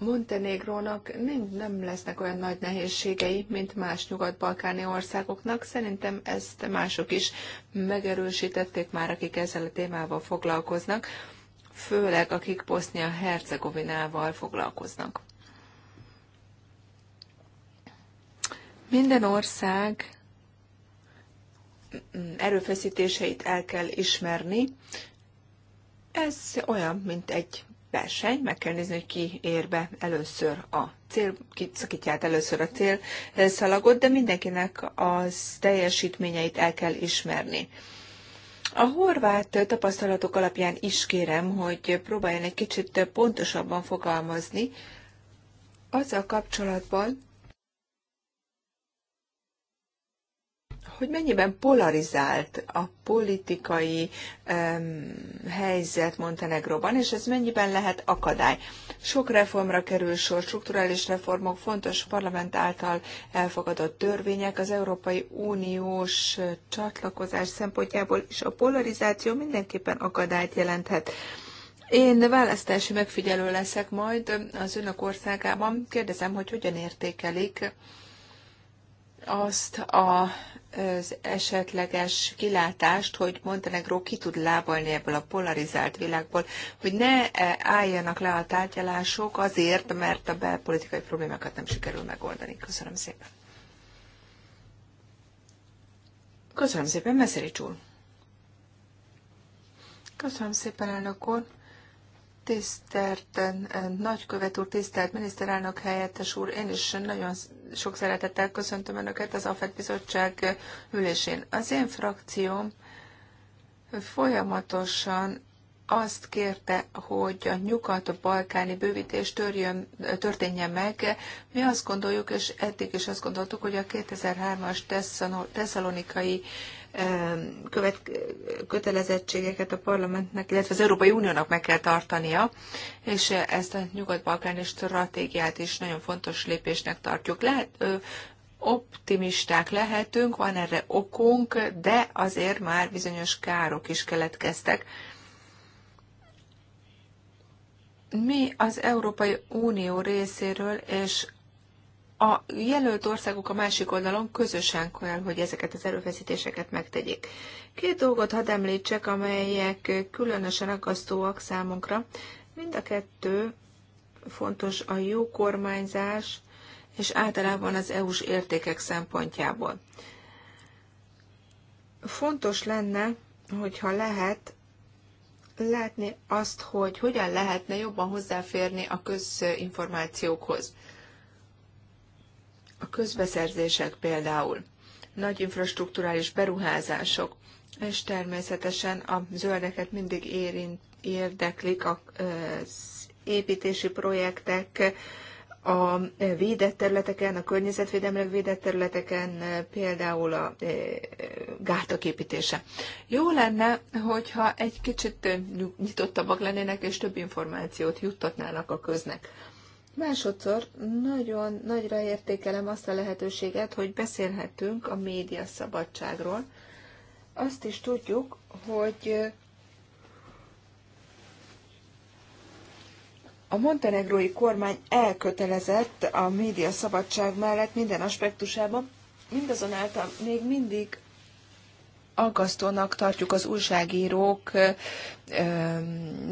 Montenegrónak nem, nem lesznek olyan nagy nehézségei, mint más nyugat-balkáni országoknak. Szerintem ezt mások is megerősítették már, akik ezzel a témával foglalkoznak, főleg akik Bosznia-Hercegovinával foglalkoznak. Minden ország erőfeszítéseit el kell ismerni. Ez olyan, mint egy verseny, meg kell nézni, hogy ki ér be először a cél, ki szakítja át először a cél, eh, szalagot, de mindenkinek az teljesítményeit el kell ismerni. A horvát tapasztalatok alapján is kérem, hogy próbáljon egy kicsit pontosabban fogalmazni azzal kapcsolatban, hogy mennyiben polarizált a politikai um, helyzet Montenegróban, és ez mennyiben lehet akadály. Sok reformra kerül sor, strukturális reformok, fontos parlament által elfogadott törvények, az Európai Uniós csatlakozás szempontjából is a polarizáció mindenképpen akadályt jelenthet. Én választási megfigyelő leszek majd az önök országában. Kérdezem, hogy hogyan értékelik azt a az esetleges kilátást, hogy Montenegro ki tud lábalni ebből a polarizált világból, hogy ne e, álljanak le a tárgyalások azért, mert a belpolitikai problémákat nem sikerül megoldani. Köszönöm szépen. Köszönöm szépen, Meszeri Csúl. Köszönöm szépen, elnök úr. Tisztelt eh, nagykövet úr, tisztelt miniszterelnök helyettes úr, én is nagyon sok szeretettel köszöntöm Önöket az AFED bizottság ülésén. Az én frakcióm folyamatosan azt kérte, hogy a nyugat-balkáni bővítés törjön, történjen meg. Mi azt gondoljuk, és eddig is azt gondoltuk, hogy a 2003-as tesszalonikai követ, kötelezettségeket a parlamentnek, illetve az Európai Uniónak meg kell tartania, és ezt a nyugat-balkáni stratégiát is nagyon fontos lépésnek tartjuk. Lehet, optimisták lehetünk, van erre okunk, de azért már bizonyos károk is keletkeztek. Mi az Európai Unió részéről és a jelölt országok a másik oldalon közösen kell, hogy ezeket az erőfeszítéseket megtegyék. Két dolgot hadd említsek, amelyek különösen akasztóak számunkra. Mind a kettő fontos a jó kormányzás és általában az EU-s értékek szempontjából. Fontos lenne, hogyha lehet, látni azt, hogy hogyan lehetne jobban hozzáférni a közinformációkhoz a közbeszerzések például, nagy infrastruktúrális beruházások, és természetesen a zöldeket mindig érint, érdeklik az építési projektek, a védett területeken, a környezetvédelmileg védett területeken, például a gátak építése. Jó lenne, hogyha egy kicsit nyitottabbak lennének, és több információt juttatnának a köznek. Másodszor nagyon nagyra értékelem azt a lehetőséget, hogy beszélhetünk a média szabadságról. Azt is tudjuk, hogy A montenegrói kormány elkötelezett a média szabadság mellett minden aspektusában, mindazonáltal még mindig aggasztónak tartjuk az újságírók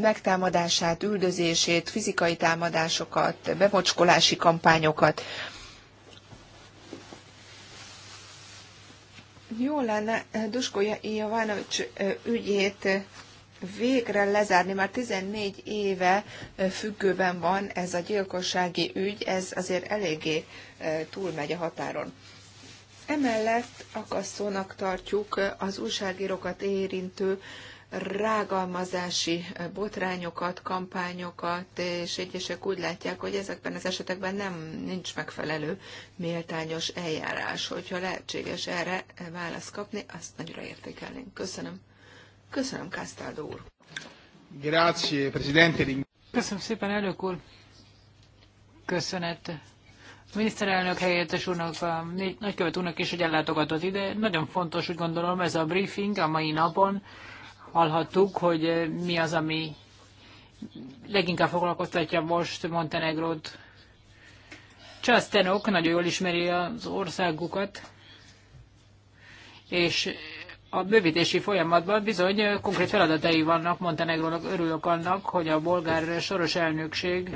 megtámadását, üldözését, fizikai támadásokat, bemocskolási kampányokat. Jó lenne eh, Dusko Jovanovics eh, ügyét eh, végre lezárni. Már 14 éve függőben van ez a gyilkossági ügy, ez azért eléggé túlmegy a határon. Emellett akasszónak tartjuk az újságírókat érintő rágalmazási botrányokat, kampányokat, és egyesek úgy látják, hogy ezekben az esetekben nem nincs megfelelő méltányos eljárás. Hogyha lehetséges erre választ kapni, azt nagyra értékelnénk. Köszönöm. Köszönöm, Kásztáldó úr. Grazie, Presidente. Köszönöm szépen, elnök úr. Köszönet miniszterelnök helyettes úrnak, a nagykövet úrnak is, hogy ellátogatott ide. Nagyon fontos, úgy gondolom, ez a briefing a mai napon. Hallhattuk, hogy mi az, ami leginkább foglalkoztatja most Montenegrót. Császtenok nagyon jól ismeri az országukat, és a bővítési folyamatban bizony konkrét feladatai vannak Montenegrónak. Örülök annak, hogy a bolgár soros elnökség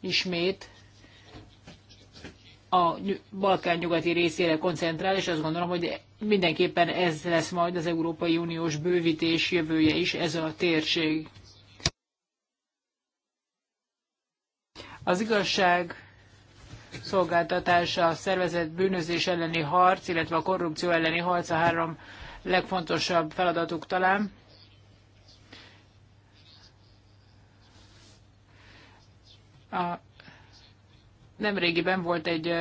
ismét a Balkán nyugati részére koncentrál, és azt gondolom, hogy mindenképpen ez lesz majd az Európai Uniós bővítés jövője is, ez a térség. Az igazság szolgáltatása, a szervezet bűnözés elleni harc, illetve a korrupció elleni harc a három legfontosabb feladatuk talán. A Nemrégiben volt egy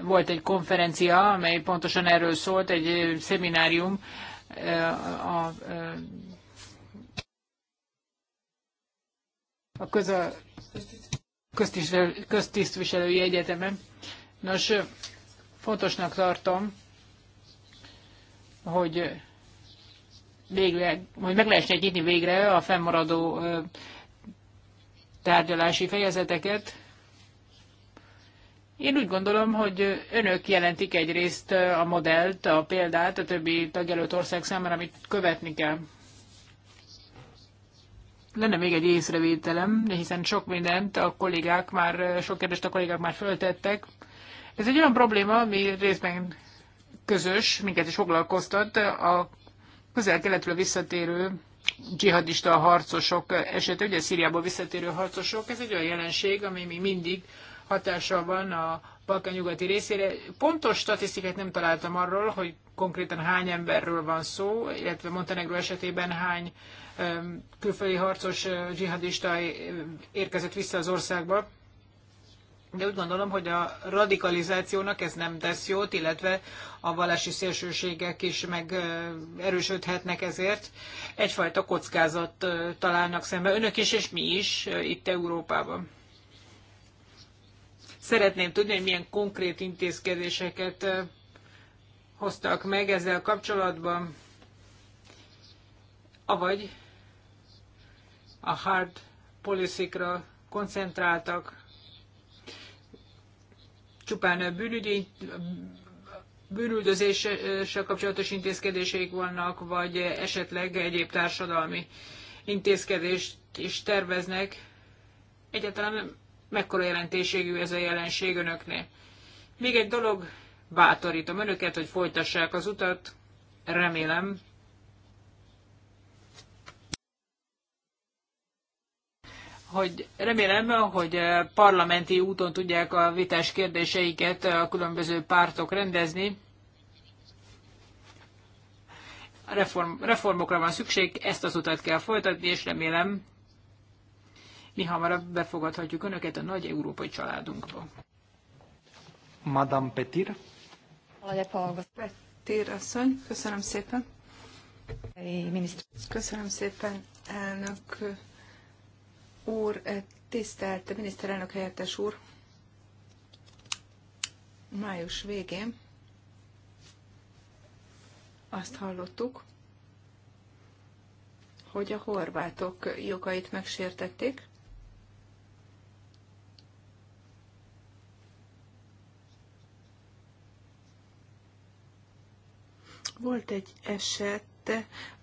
volt egy konferencia, amely pontosan erről szólt, egy szeminárium a, a a köztisztviselői, köztisztviselői egyetemen. Nos, fontosnak tartom, hogy végre, hogy meg lehessen nyitni végre a fennmaradó tárgyalási fejezeteket, én úgy gondolom, hogy önök jelentik egyrészt a modellt, a példát a többi tagjelölt ország számára, amit követni kell. Lenne még egy észrevételem, hiszen sok mindent a kollégák már, sok kérdést a kollégák már föltettek. Ez egy olyan probléma, ami részben közös, minket is foglalkoztat, a közel-keletről visszatérő dzsihadista harcosok esete, ugye Szíriából visszatérő harcosok, ez egy olyan jelenség, ami még mindig hatása van a Balkán nyugati részére. Pontos statisztikát nem találtam arról, hogy konkrétan hány emberről van szó, illetve Montenegro esetében hány külföldi harcos dzsihadista érkezett vissza az országba. De úgy gondolom, hogy a radikalizációnak ez nem tesz jót, illetve a vallási szélsőségek is meg erősödhetnek ezért. Egyfajta kockázat találnak szembe önök is, és mi is itt Európában. Szeretném tudni, hogy milyen konkrét intézkedéseket hoztak meg ezzel kapcsolatban, avagy a hard policy-ra koncentráltak, csupán a bűnügyi, bűnüldözéssel kapcsolatos intézkedéseik vannak, vagy esetleg egyéb társadalmi intézkedést is terveznek. Egyáltalán nem mekkora jelentőségű ez a jelenség önöknél. Még egy dolog, bátorítom önöket, hogy folytassák az utat, remélem. Hogy remélem, hogy parlamenti úton tudják a vitás kérdéseiket a különböző pártok rendezni. Reform, reformokra van szükség, ezt az utat kell folytatni, és remélem, mi hamarabb befogadhatjuk Önöket a nagy európai családunkba. Madame Petir. Petir asszony, köszönöm szépen. Köszönöm szépen, elnök úr, tisztelt miniszterelnök helyettes úr. Május végén azt hallottuk, hogy a horvátok jogait megsértették, Volt egy eset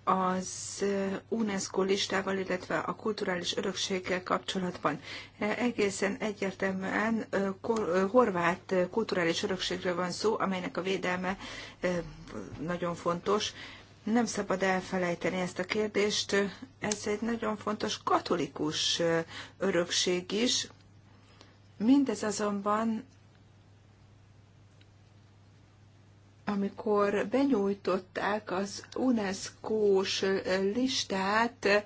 az UNESCO listával, illetve a kulturális örökséggel kapcsolatban. E, egészen egyértelműen horvát kulturális örökségről van szó, amelynek a védelme nagyon fontos. Nem szabad elfelejteni ezt a kérdést. Ez egy nagyon fontos katolikus örökség is. Mindez azonban amikor benyújtották az UNESCO-s listát,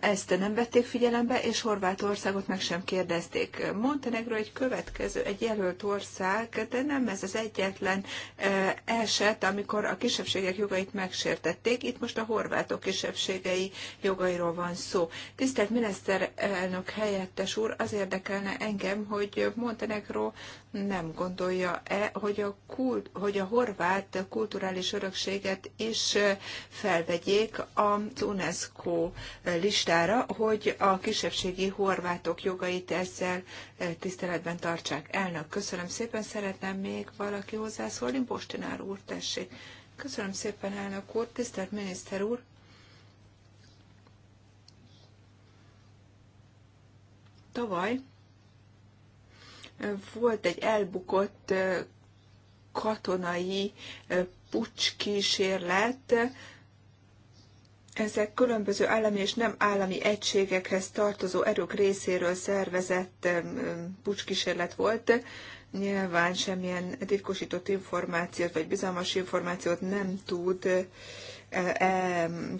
ezt nem vették figyelembe, és Horvátországot meg sem kérdezték. Montenegro egy következő, egy jelölt ország, de nem ez az egyetlen eset, amikor a kisebbségek jogait megsértették. Itt most a horvátok kisebbségei jogairól van szó. Tisztelt miniszterelnök helyettes úr, az érdekelne engem, hogy Montenegro nem gondolja-e, hogy a, kult, hogy a horvát kulturális örökséget is felvegyék az UNESCO listára, hogy a kisebbségi horvátok jogait ezzel tiszteletben tartsák. Elnök, köszönöm szépen, szeretném még valaki hozzászólni. Bostinár úr, tessék. Köszönöm szépen, elnök úr, tisztelt miniszter úr. Tavaly volt egy elbukott katonai kísérlet. ezek különböző állami és nem állami egységekhez tartozó erők részéről szervezett pucskísérlet volt. Nyilván semmilyen titkosított információt vagy bizalmas információt nem tud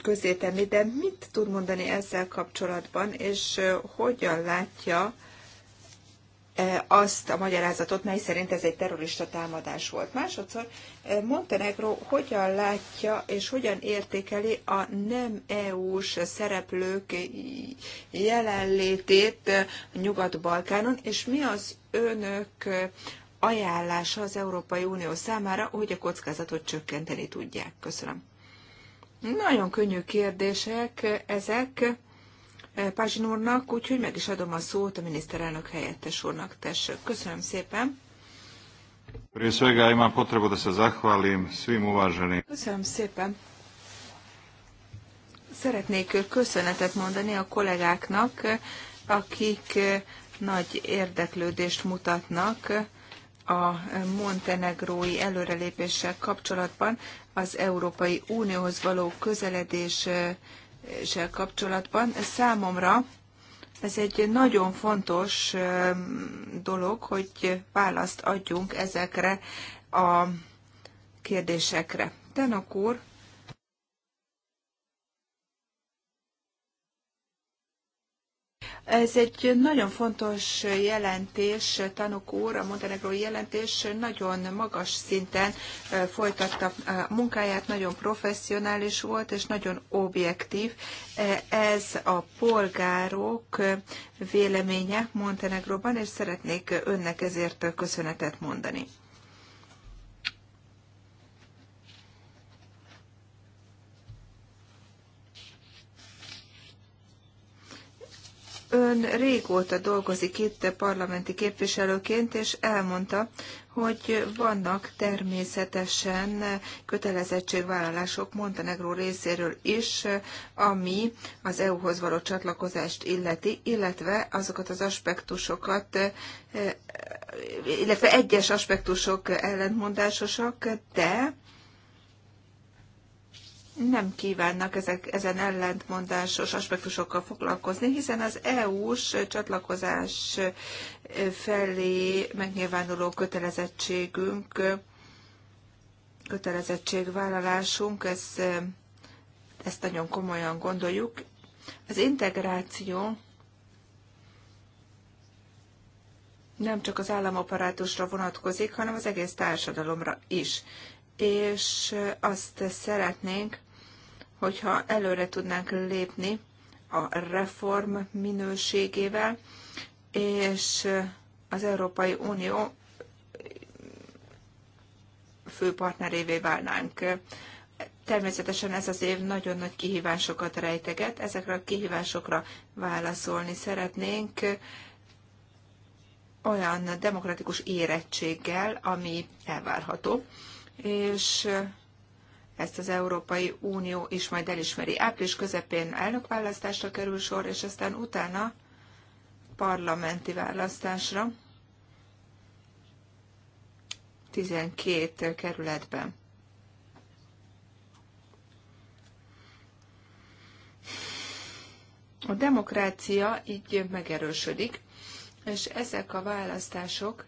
közéteni, de mit tud mondani ezzel kapcsolatban, és hogyan látja E, azt a magyarázatot, mely szerint ez egy terrorista támadás volt. Másodszor e, Montenegro hogyan látja és hogyan értékeli a nem EU-s szereplők jelenlétét a Nyugat-Balkánon, és mi az önök ajánlása az Európai Unió számára, hogy a kockázatot csökkenteni tudják? Köszönöm. Nagyon könnyű kérdések ezek Eh, Pázsin úrnak, úgyhogy meg is adom a szót a miniszterelnök helyettes úrnak. Tessék, köszönöm szépen. Köszönöm szépen. Szeretnék köszönetet mondani a kollégáknak, akik nagy érdeklődést mutatnak a montenegrói előrelépéssel kapcsolatban az Európai Unióhoz való közeledés kérdéssel kapcsolatban. Számomra ez egy nagyon fontos dolog, hogy választ adjunk ezekre a kérdésekre. Tenok úr Ez egy nagyon fontos jelentés, tanok úr, a montenegrói jelentés nagyon magas szinten folytatta a munkáját, nagyon professzionális volt és nagyon objektív. Ez a polgárok véleménye Montenegróban, és szeretnék önnek ezért köszönetet mondani. Ön régóta dolgozik itt parlamenti képviselőként, és elmondta, hogy vannak természetesen kötelezettségvállalások Montenegró részéről is, ami az EU-hoz való csatlakozást illeti, illetve azokat az aspektusokat, eh, illetve egyes aspektusok ellentmondásosak, de nem kívánnak ezek, ezen ellentmondásos aspektusokkal foglalkozni, hiszen az EU-s csatlakozás felé megnyilvánuló kötelezettségünk, kötelezettségvállalásunk, ez, ezt nagyon komolyan gondoljuk. Az integráció nem csak az államaparátusra vonatkozik, hanem az egész társadalomra is és azt szeretnénk, hogyha előre tudnánk lépni a reform minőségével, és az Európai Unió főpartnerévé válnánk. Természetesen ez az év nagyon nagy kihívásokat rejteget, ezekre a kihívásokra válaszolni szeretnénk olyan demokratikus érettséggel, ami elvárható és ezt az Európai Unió is majd elismeri. Április közepén elnökválasztásra kerül sor, és aztán utána parlamenti választásra 12 kerületben. A demokrácia így megerősödik, és ezek a választások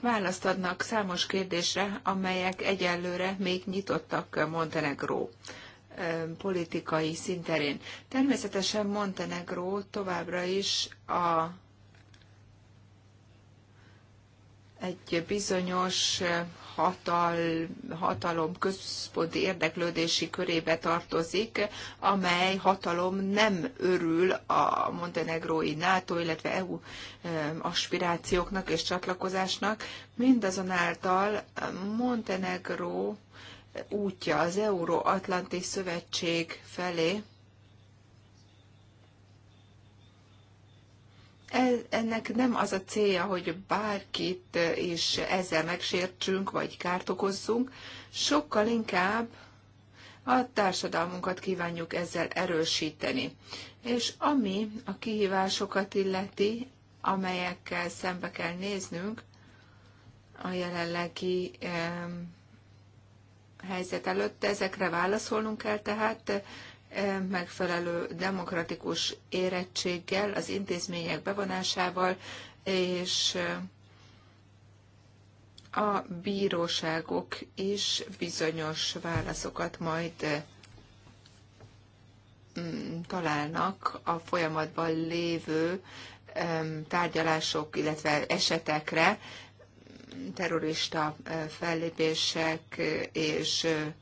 választ adnak számos kérdésre, amelyek egyelőre még nyitottak Montenegró politikai szinterén. Természetesen Montenegró továbbra is a egy bizonyos eh, hatal, hatalom központi érdeklődési körébe tartozik, amely hatalom nem örül a montenegrói NATO, illetve EU eh, aspirációknak és csatlakozásnak. Mindazonáltal Montenegró útja az Euróatlanti Szövetség felé ennek nem az a célja, hogy bárkit is ezzel megsértsünk, vagy kárt okozzunk, sokkal inkább a társadalmunkat kívánjuk ezzel erősíteni. És ami a kihívásokat illeti, amelyekkel szembe kell néznünk a jelenlegi helyzet előtt, ezekre válaszolnunk kell, tehát megfelelő demokratikus érettséggel, az intézmények bevonásával és eh, a bíróságok is bizonyos válaszokat majd mm, találnak a folyamatban lévő tárgyalások, illetve esetekre, terrorista eh, fellépések és eh,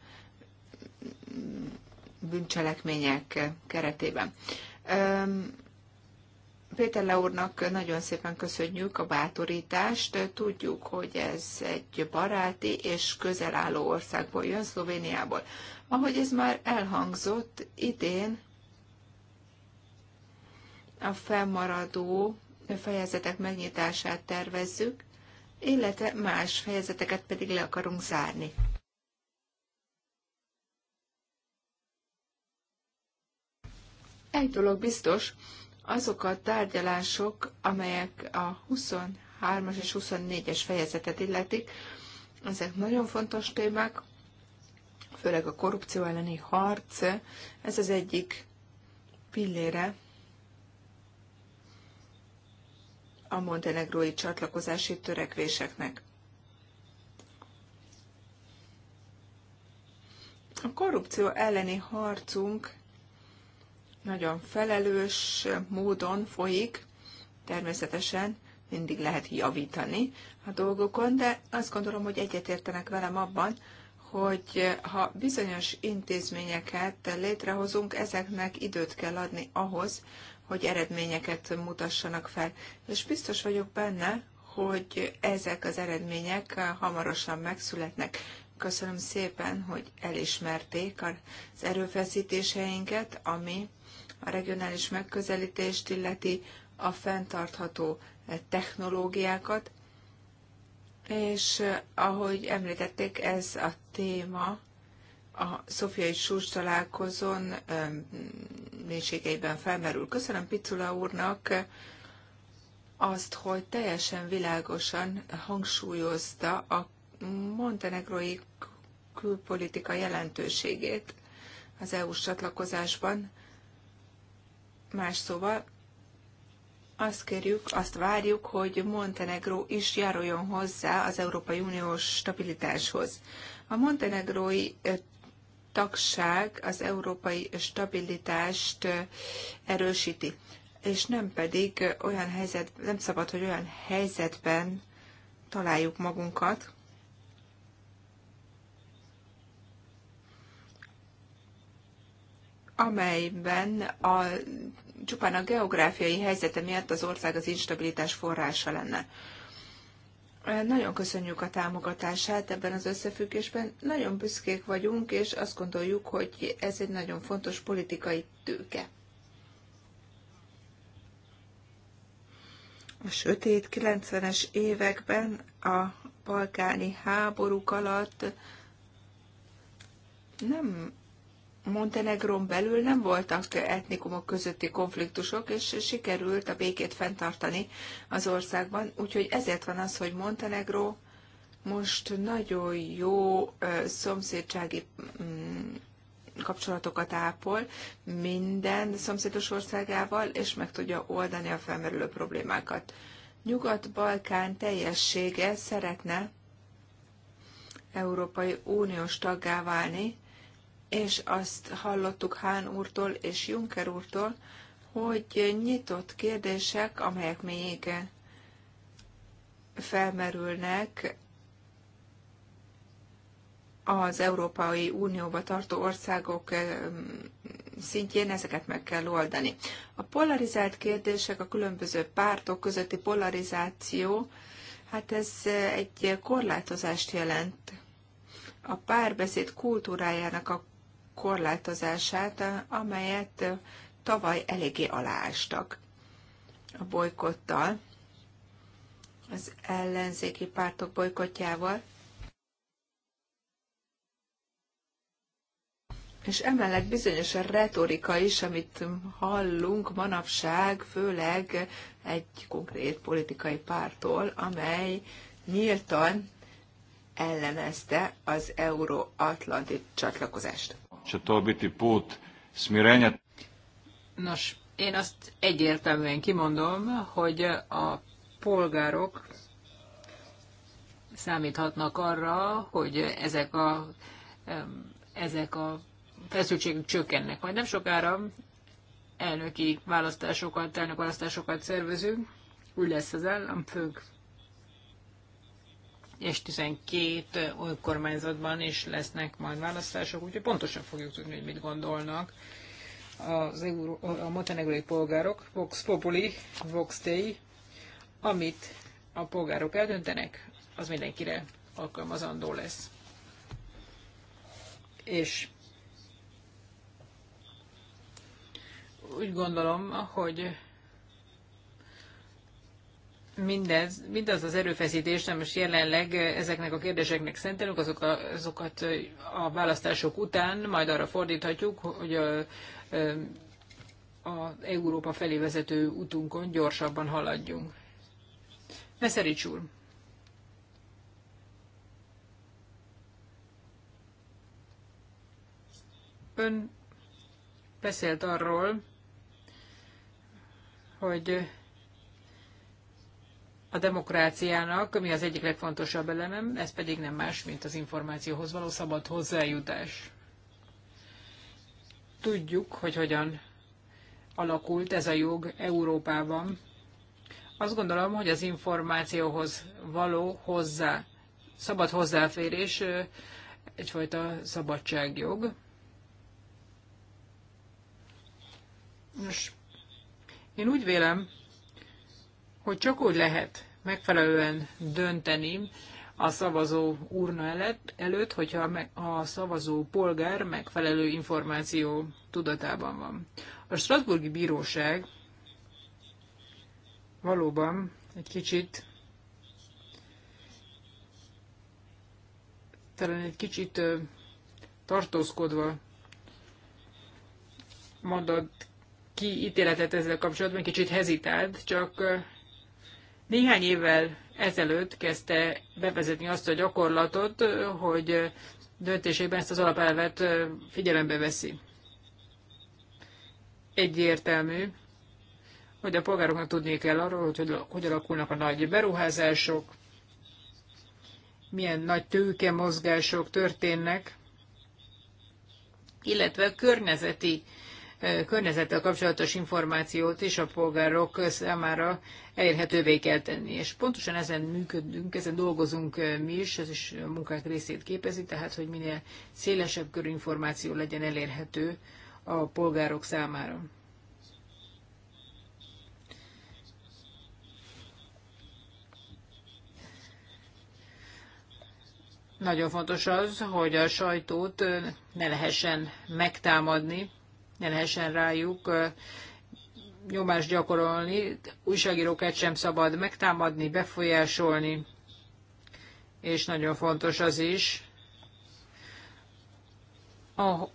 bűncselekmények keretében. Péter Leúrnak nagyon szépen köszönjük a bátorítást. Tudjuk, hogy ez egy baráti és közel álló országból jön, Szlovéniából. Ahogy ez már elhangzott, idén a felmaradó fejezetek megnyitását tervezzük, illetve más fejezeteket pedig le akarunk zárni. Egy dolog biztos, azok a tárgyalások, amelyek a 23-as és 24-es fejezetet illetik, ezek nagyon fontos témák, főleg a korrupció elleni harc, ez az egyik pillére a montenegrói csatlakozási törekvéseknek. A korrupció elleni harcunk nagyon felelős módon folyik, természetesen mindig lehet javítani a dolgokon, de azt gondolom, hogy egyetértenek velem abban, hogy ha bizonyos intézményeket létrehozunk, ezeknek időt kell adni ahhoz, hogy eredményeket mutassanak fel. És biztos vagyok benne, hogy ezek az eredmények hamarosan megszületnek. Köszönöm szépen, hogy elismerték az erőfeszítéseinket, ami a regionális megközelítést illeti, a fenntartható eh, technológiákat, és eh, ahogy említették, ez a téma a Szofiai Sús találkozón eh, mélységeiben felmerül. Köszönöm Picula úrnak azt, hogy teljesen világosan hangsúlyozta a montenegrói külpolitika jelentőségét az EU-s csatlakozásban, Más szóval azt kérjük, azt várjuk, hogy Montenegró is járuljon hozzá az Európai Uniós stabilitáshoz. A montenegrói tagság az európai stabilitást erősíti, és nem pedig olyan helyzet, nem szabad, hogy olyan helyzetben találjuk magunkat, amelyben a, csupán a geográfiai helyzete miatt az ország az instabilitás forrása lenne. Nagyon köszönjük a támogatását ebben az összefüggésben. Nagyon büszkék vagyunk, és azt gondoljuk, hogy ez egy nagyon fontos politikai tőke. A sötét 90-es években a balkáni háborúk alatt nem Montenegron belül nem voltak etnikumok közötti konfliktusok, és sikerült a békét fenntartani az országban, úgyhogy ezért van az, hogy Montenegro most nagyon jó szomszédsági mm, kapcsolatokat ápol minden szomszédos országával, és meg tudja oldani a felmerülő problémákat. Nyugat-Balkán teljessége szeretne Európai Uniós taggá válni, és azt hallottuk Hán úrtól és Juncker úrtól, hogy nyitott kérdések, amelyek még felmerülnek az Európai Unióba tartó országok szintjén, ezeket meg kell oldani. A polarizált kérdések, a különböző pártok közötti polarizáció, hát ez egy korlátozást jelent a párbeszéd kultúrájának a korlátozását, amelyet tavaly eléggé aláástak a bolykottal, az ellenzéki pártok bolykottjával. És emellett bizonyos a retorika is, amit hallunk manapság, főleg egy konkrét politikai pártól, amely nyíltan ellenezte az euróatlanti csatlakozást će to biti put smirenja. Nos, én azt egyértelműen kimondom, hogy a polgárok számíthatnak arra, hogy ezek a, ezek a feszültségük csökkennek. Majd nem sokára elnöki választásokat, elnök választásokat szervezünk, úgy lesz az államfőnk és 12 önkormányzatban is lesznek majd választások, úgyhogy pontosan fogjuk tudni, hogy mit gondolnak az Euró- a montenegrói polgárok, Vox Populi, Vox Dei, amit a polgárok eldöntenek, az mindenkire alkalmazandó lesz. És úgy gondolom, hogy mindez, mindaz az erőfeszítés, nem most jelenleg ezeknek a kérdéseknek szentelünk, azok a, azokat a választások után majd arra fordíthatjuk, hogy a, a Európa felé vezető utunkon gyorsabban haladjunk. Meszerics úr! Ön beszélt arról, hogy a demokráciának, ami az egyik legfontosabb elemem, ez pedig nem más, mint az információhoz való szabad hozzájutás. Tudjuk, hogy hogyan alakult ez a jog Európában. Azt gondolom, hogy az információhoz való hozzá, szabad hozzáférés egyfajta szabadságjog. Nos, én úgy vélem, hogy csak úgy lehet megfelelően dönteni a szavazó urna előtt, hogyha a szavazó polgár megfelelő információ tudatában van. A Strasburgi Bíróság valóban egy kicsit talán egy kicsit tartózkodva mondott ki ítéletet ezzel kapcsolatban, kicsit hezitált, csak néhány évvel ezelőtt kezdte bevezetni azt a gyakorlatot, hogy döntésében ezt az alapelvet figyelembe veszi. Egyértelmű, hogy a polgároknak tudni kell arról, hogy hogy, alakulnak a nagy beruházások, milyen nagy tőkemozgások történnek, illetve környezeti környezettel kapcsolatos információt is a polgárok számára elérhetővé kell tenni. És pontosan ezen működünk, ezen dolgozunk mi is, ez is a munkák részét képezi, tehát hogy minél szélesebb körű információ legyen elérhető a polgárok számára. Nagyon fontos az, hogy a sajtót ne lehessen megtámadni, ne lehessen rájuk nyomást gyakorolni, újságírókat sem szabad megtámadni, befolyásolni, és nagyon fontos az is,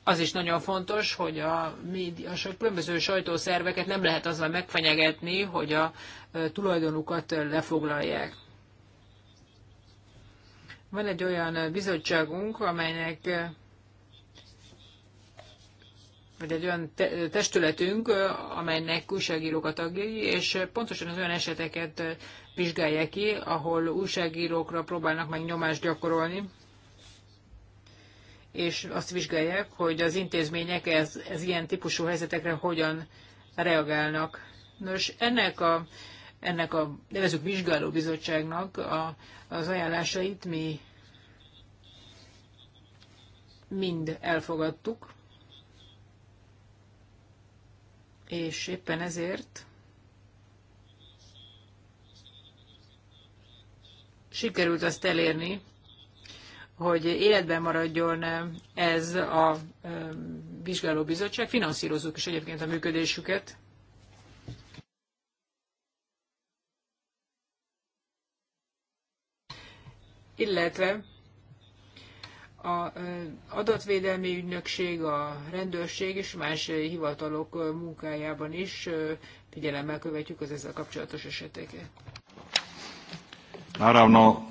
az is nagyon fontos, hogy a média, a különböző sajtószerveket nem lehet azzal megfenyegetni, hogy a tulajdonukat lefoglalják. Van egy olyan bizottságunk, amelynek vagy egy olyan te- testületünk, amelynek újságírók a tagjai, és pontosan az olyan eseteket vizsgálja ki, ahol újságírókra próbálnak meg nyomást gyakorolni, és azt vizsgálják, hogy az intézmények ez, ez ilyen típusú helyzetekre hogyan reagálnak. Nos, ennek a, ennek a nevezük vizsgálóbizottságnak a, az ajánlásait mi mind elfogadtuk, és éppen ezért sikerült azt elérni, hogy életben maradjon ez a vizsgálóbizottság. Finanszírozzuk is egyébként a működésüket. Illetve a adatvédelmi ügynökség, a rendőrség és más hivatalok munkájában is figyelemmel követjük az ezzel kapcsolatos eseteket. Naravno,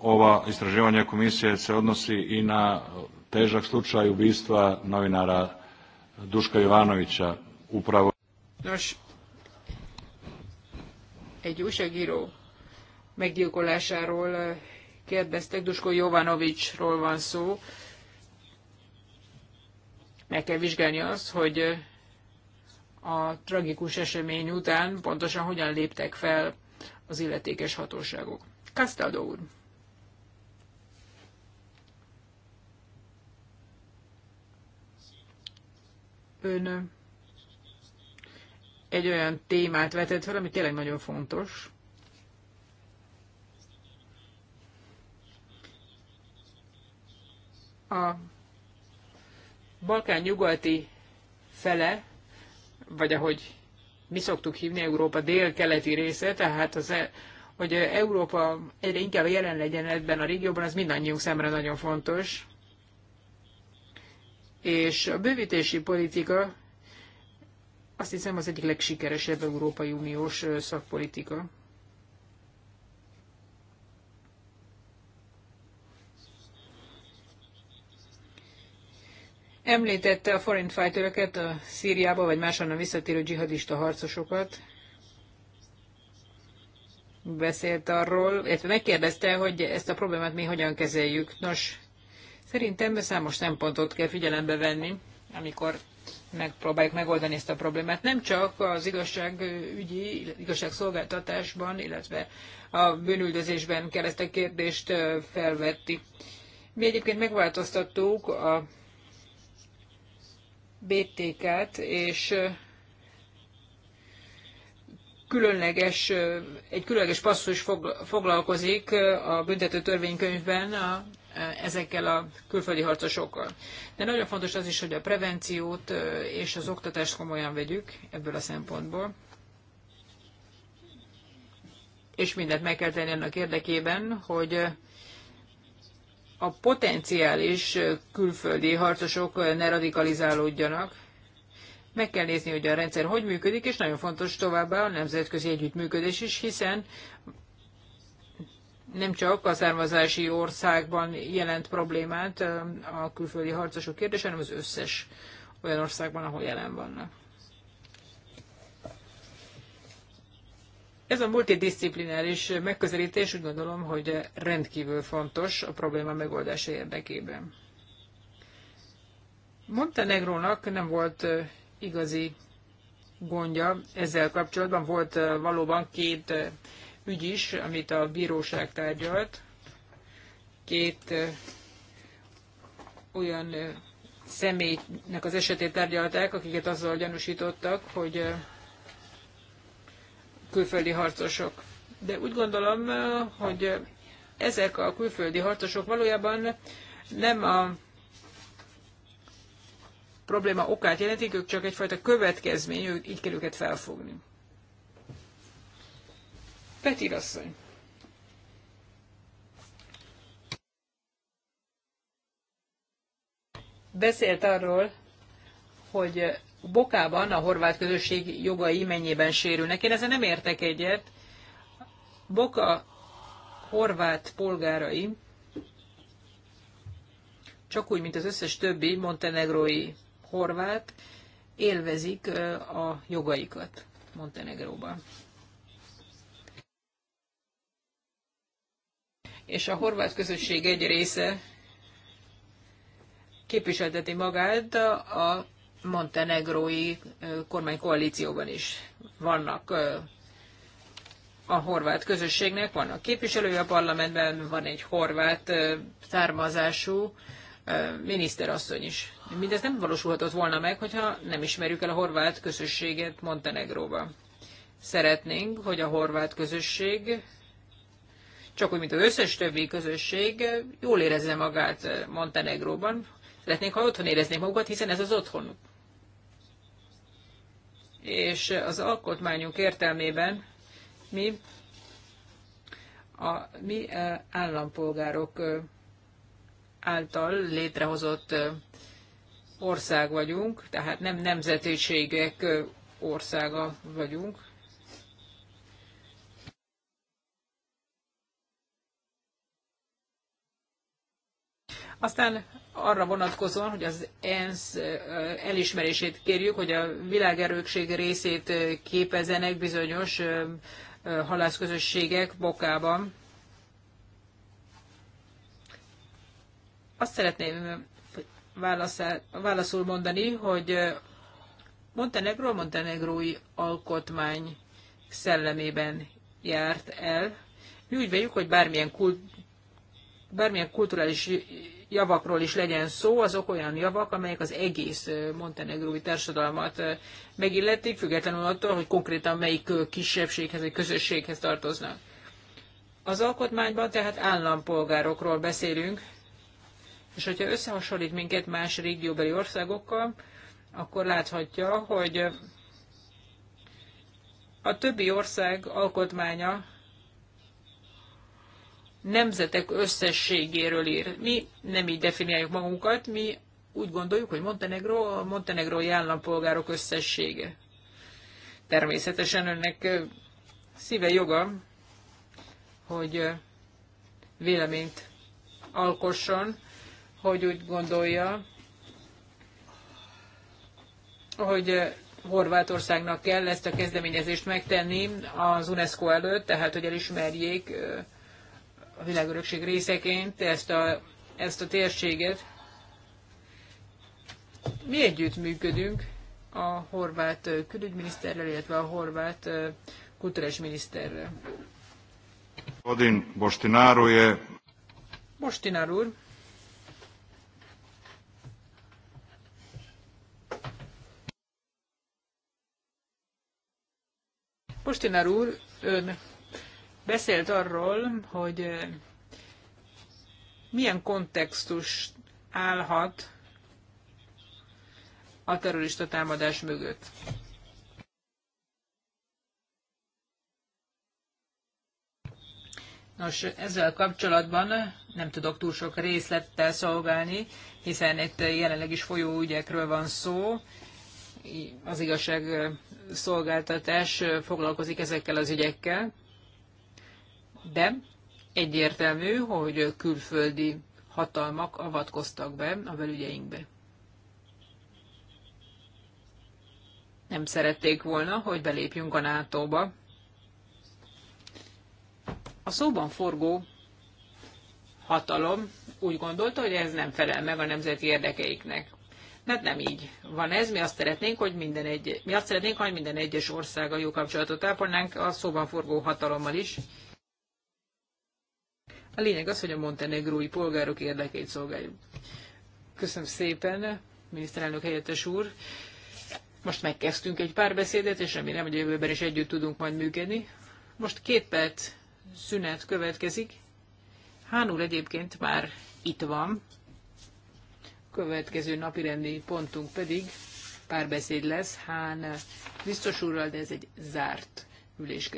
ova istraživanja komisije se odnosi i na težak slučaj ubistva novinara Duška Jovanovića upravo. Nos, egy újságíró meggyilkolásáról kérdeztek, Dusko Jovanovicsról van szó. Meg kell vizsgálni azt, hogy a tragikus esemény után pontosan hogyan léptek fel az illetékes hatóságok. Castaldo úr. Ön egy olyan témát vetett fel, ami tényleg nagyon fontos. A Balkán nyugati fele, vagy ahogy mi szoktuk hívni Európa dél-keleti része, tehát az, e- hogy Európa egyre inkább jelen legyen ebben a régióban, az mindannyiunk szemre nagyon fontos. És a bővítési politika azt hiszem az egyik legsikeresebb Európai Uniós szakpolitika. Említette a foreign fightereket, a Szíriába vagy máshonnan visszatérő dzsihadista harcosokat. Beszélt arról, illetve megkérdezte, hogy ezt a problémát mi hogyan kezeljük. Nos, szerintem számos szempontot kell figyelembe venni, amikor megpróbáljuk megoldani ezt a problémát. Nem csak az igazságügyi, igazságszolgáltatásban, illetve a bűnüldözésben kell ezt a kérdést felvetni. Mi egyébként megváltoztattuk a BTK-t, és különleges, egy különleges passzus foglalkozik a büntető törvénykönyvben a, ezekkel a külföldi harcosokkal. De nagyon fontos az is, hogy a prevenciót és az oktatást komolyan vegyük ebből a szempontból. És mindent meg kell tenni annak érdekében, hogy a potenciális külföldi harcosok ne radikalizálódjanak. Meg kell nézni, hogy a rendszer hogy működik, és nagyon fontos továbbá a nemzetközi együttműködés is, hiszen nem csak a származási országban jelent problémát a külföldi harcosok kérdése, hanem az összes olyan országban, ahol jelen vannak. Ez a multidisziplináris megközelítés úgy gondolom, hogy rendkívül fontos a probléma megoldása érdekében. Montenegrónak nem volt igazi gondja ezzel kapcsolatban. Volt valóban két ügy is, amit a bíróság tárgyalt. Két olyan személynek az esetét tárgyalták, akiket azzal gyanúsítottak, hogy külföldi harcosok. De úgy gondolom, eh, hogy ezek a külföldi harcosok valójában nem a probléma okát jelentik, ők csak egyfajta következmény, ők, így kell őket felfogni. Petir asszony. Beszélt arról, hogy Bokában a horvát közösség jogai mennyiben sérülnek. Én ezzel nem értek egyet. Boka horvát polgárai, csak úgy, mint az összes többi montenegrói horvát, élvezik a jogaikat Montenegróban. És a horvát közösség egy része képviselteti magát a montenegrói kormánykoalícióban is vannak a horvát közösségnek, vannak képviselői a parlamentben, van egy horvát származású miniszterasszony is. Mindez nem valósulhatott volna meg, hogyha nem ismerjük el a horvát közösséget Montenegróba. Szeretnénk, hogy a horvát közösség, csak úgy, mint az összes többi közösség, jól érezze magát Montenegróban. Szeretnénk, ha otthon éreznék magukat, hiszen ez az otthonuk és az alkotmányunk értelmében mi a mi eh, állampolgárok eh, által létrehozott eh, ország vagyunk, tehát nem nemzetiségek országa vagyunk. Aztán arra vonatkozóan, hogy az ENSZ elismerését kérjük, hogy a világerőkség részét képezenek bizonyos halászközösségek bokában. Azt szeretném válaszul mondani, hogy Montenegro montenegrói alkotmány szellemében járt el. Mi úgy vagyunk, hogy bármilyen, kult, bármilyen kulturális javakról is legyen szó, azok olyan javak, amelyek az egész montenegrói társadalmat megilletik, függetlenül attól, hogy konkrétan melyik kisebbséghez vagy közösséghez tartoznak. Az alkotmányban tehát állampolgárokról beszélünk, és hogyha összehasonlít minket más régióbeli országokkal, akkor láthatja, hogy a többi ország alkotmánya nemzetek összességéről ír. Mi nem így definiáljuk magunkat, mi úgy gondoljuk, hogy Montenegro a montenegrói állampolgárok összessége. Természetesen önnek szíve joga, hogy véleményt alkosson, hogy úgy gondolja, hogy Horvátországnak kell ezt a kezdeményezést megtenni az UNESCO előtt, tehát hogy elismerjék a világörökség részeként ezt a, ezt a térséget. Mi együttműködünk a horvát külügyminiszterrel, illetve a horvát kulturális miniszterrel. Adin Bostináró je... Bostinár úr. Bostinár úr, ön beszélt arról, hogy milyen kontextus állhat a terrorista támadás mögött. Nos, ezzel kapcsolatban nem tudok túl sok részlettel szolgálni, hiszen itt jelenleg is folyó ügyekről van szó. Az igazság szolgáltatás foglalkozik ezekkel az ügyekkel de egyértelmű, hogy külföldi hatalmak avatkoztak be a belügyeinkbe. Nem szerették volna, hogy belépjünk a NATO-ba. A szóban forgó hatalom úgy gondolta, hogy ez nem felel meg a nemzeti érdekeiknek. Mert hát nem így van ez. Mi azt szeretnénk, hogy minden, egy, mi azt szeretnénk, hogy minden egyes országgal jó kapcsolatot ápolnánk a szóban forgó hatalommal is. A lényeg az, hogy a montenegrói polgárok érdekeit szolgáljuk. Köszönöm szépen, miniszterelnök helyettes úr. Most megkezdtünk egy pár beszédet, és remélem, hogy a jövőben is együtt tudunk majd működni. Most két perc szünet következik. Hán úr egyébként már itt van. Következő napirendi pontunk pedig párbeszéd lesz Hán biztos úrral, de ez egy zárt ülés.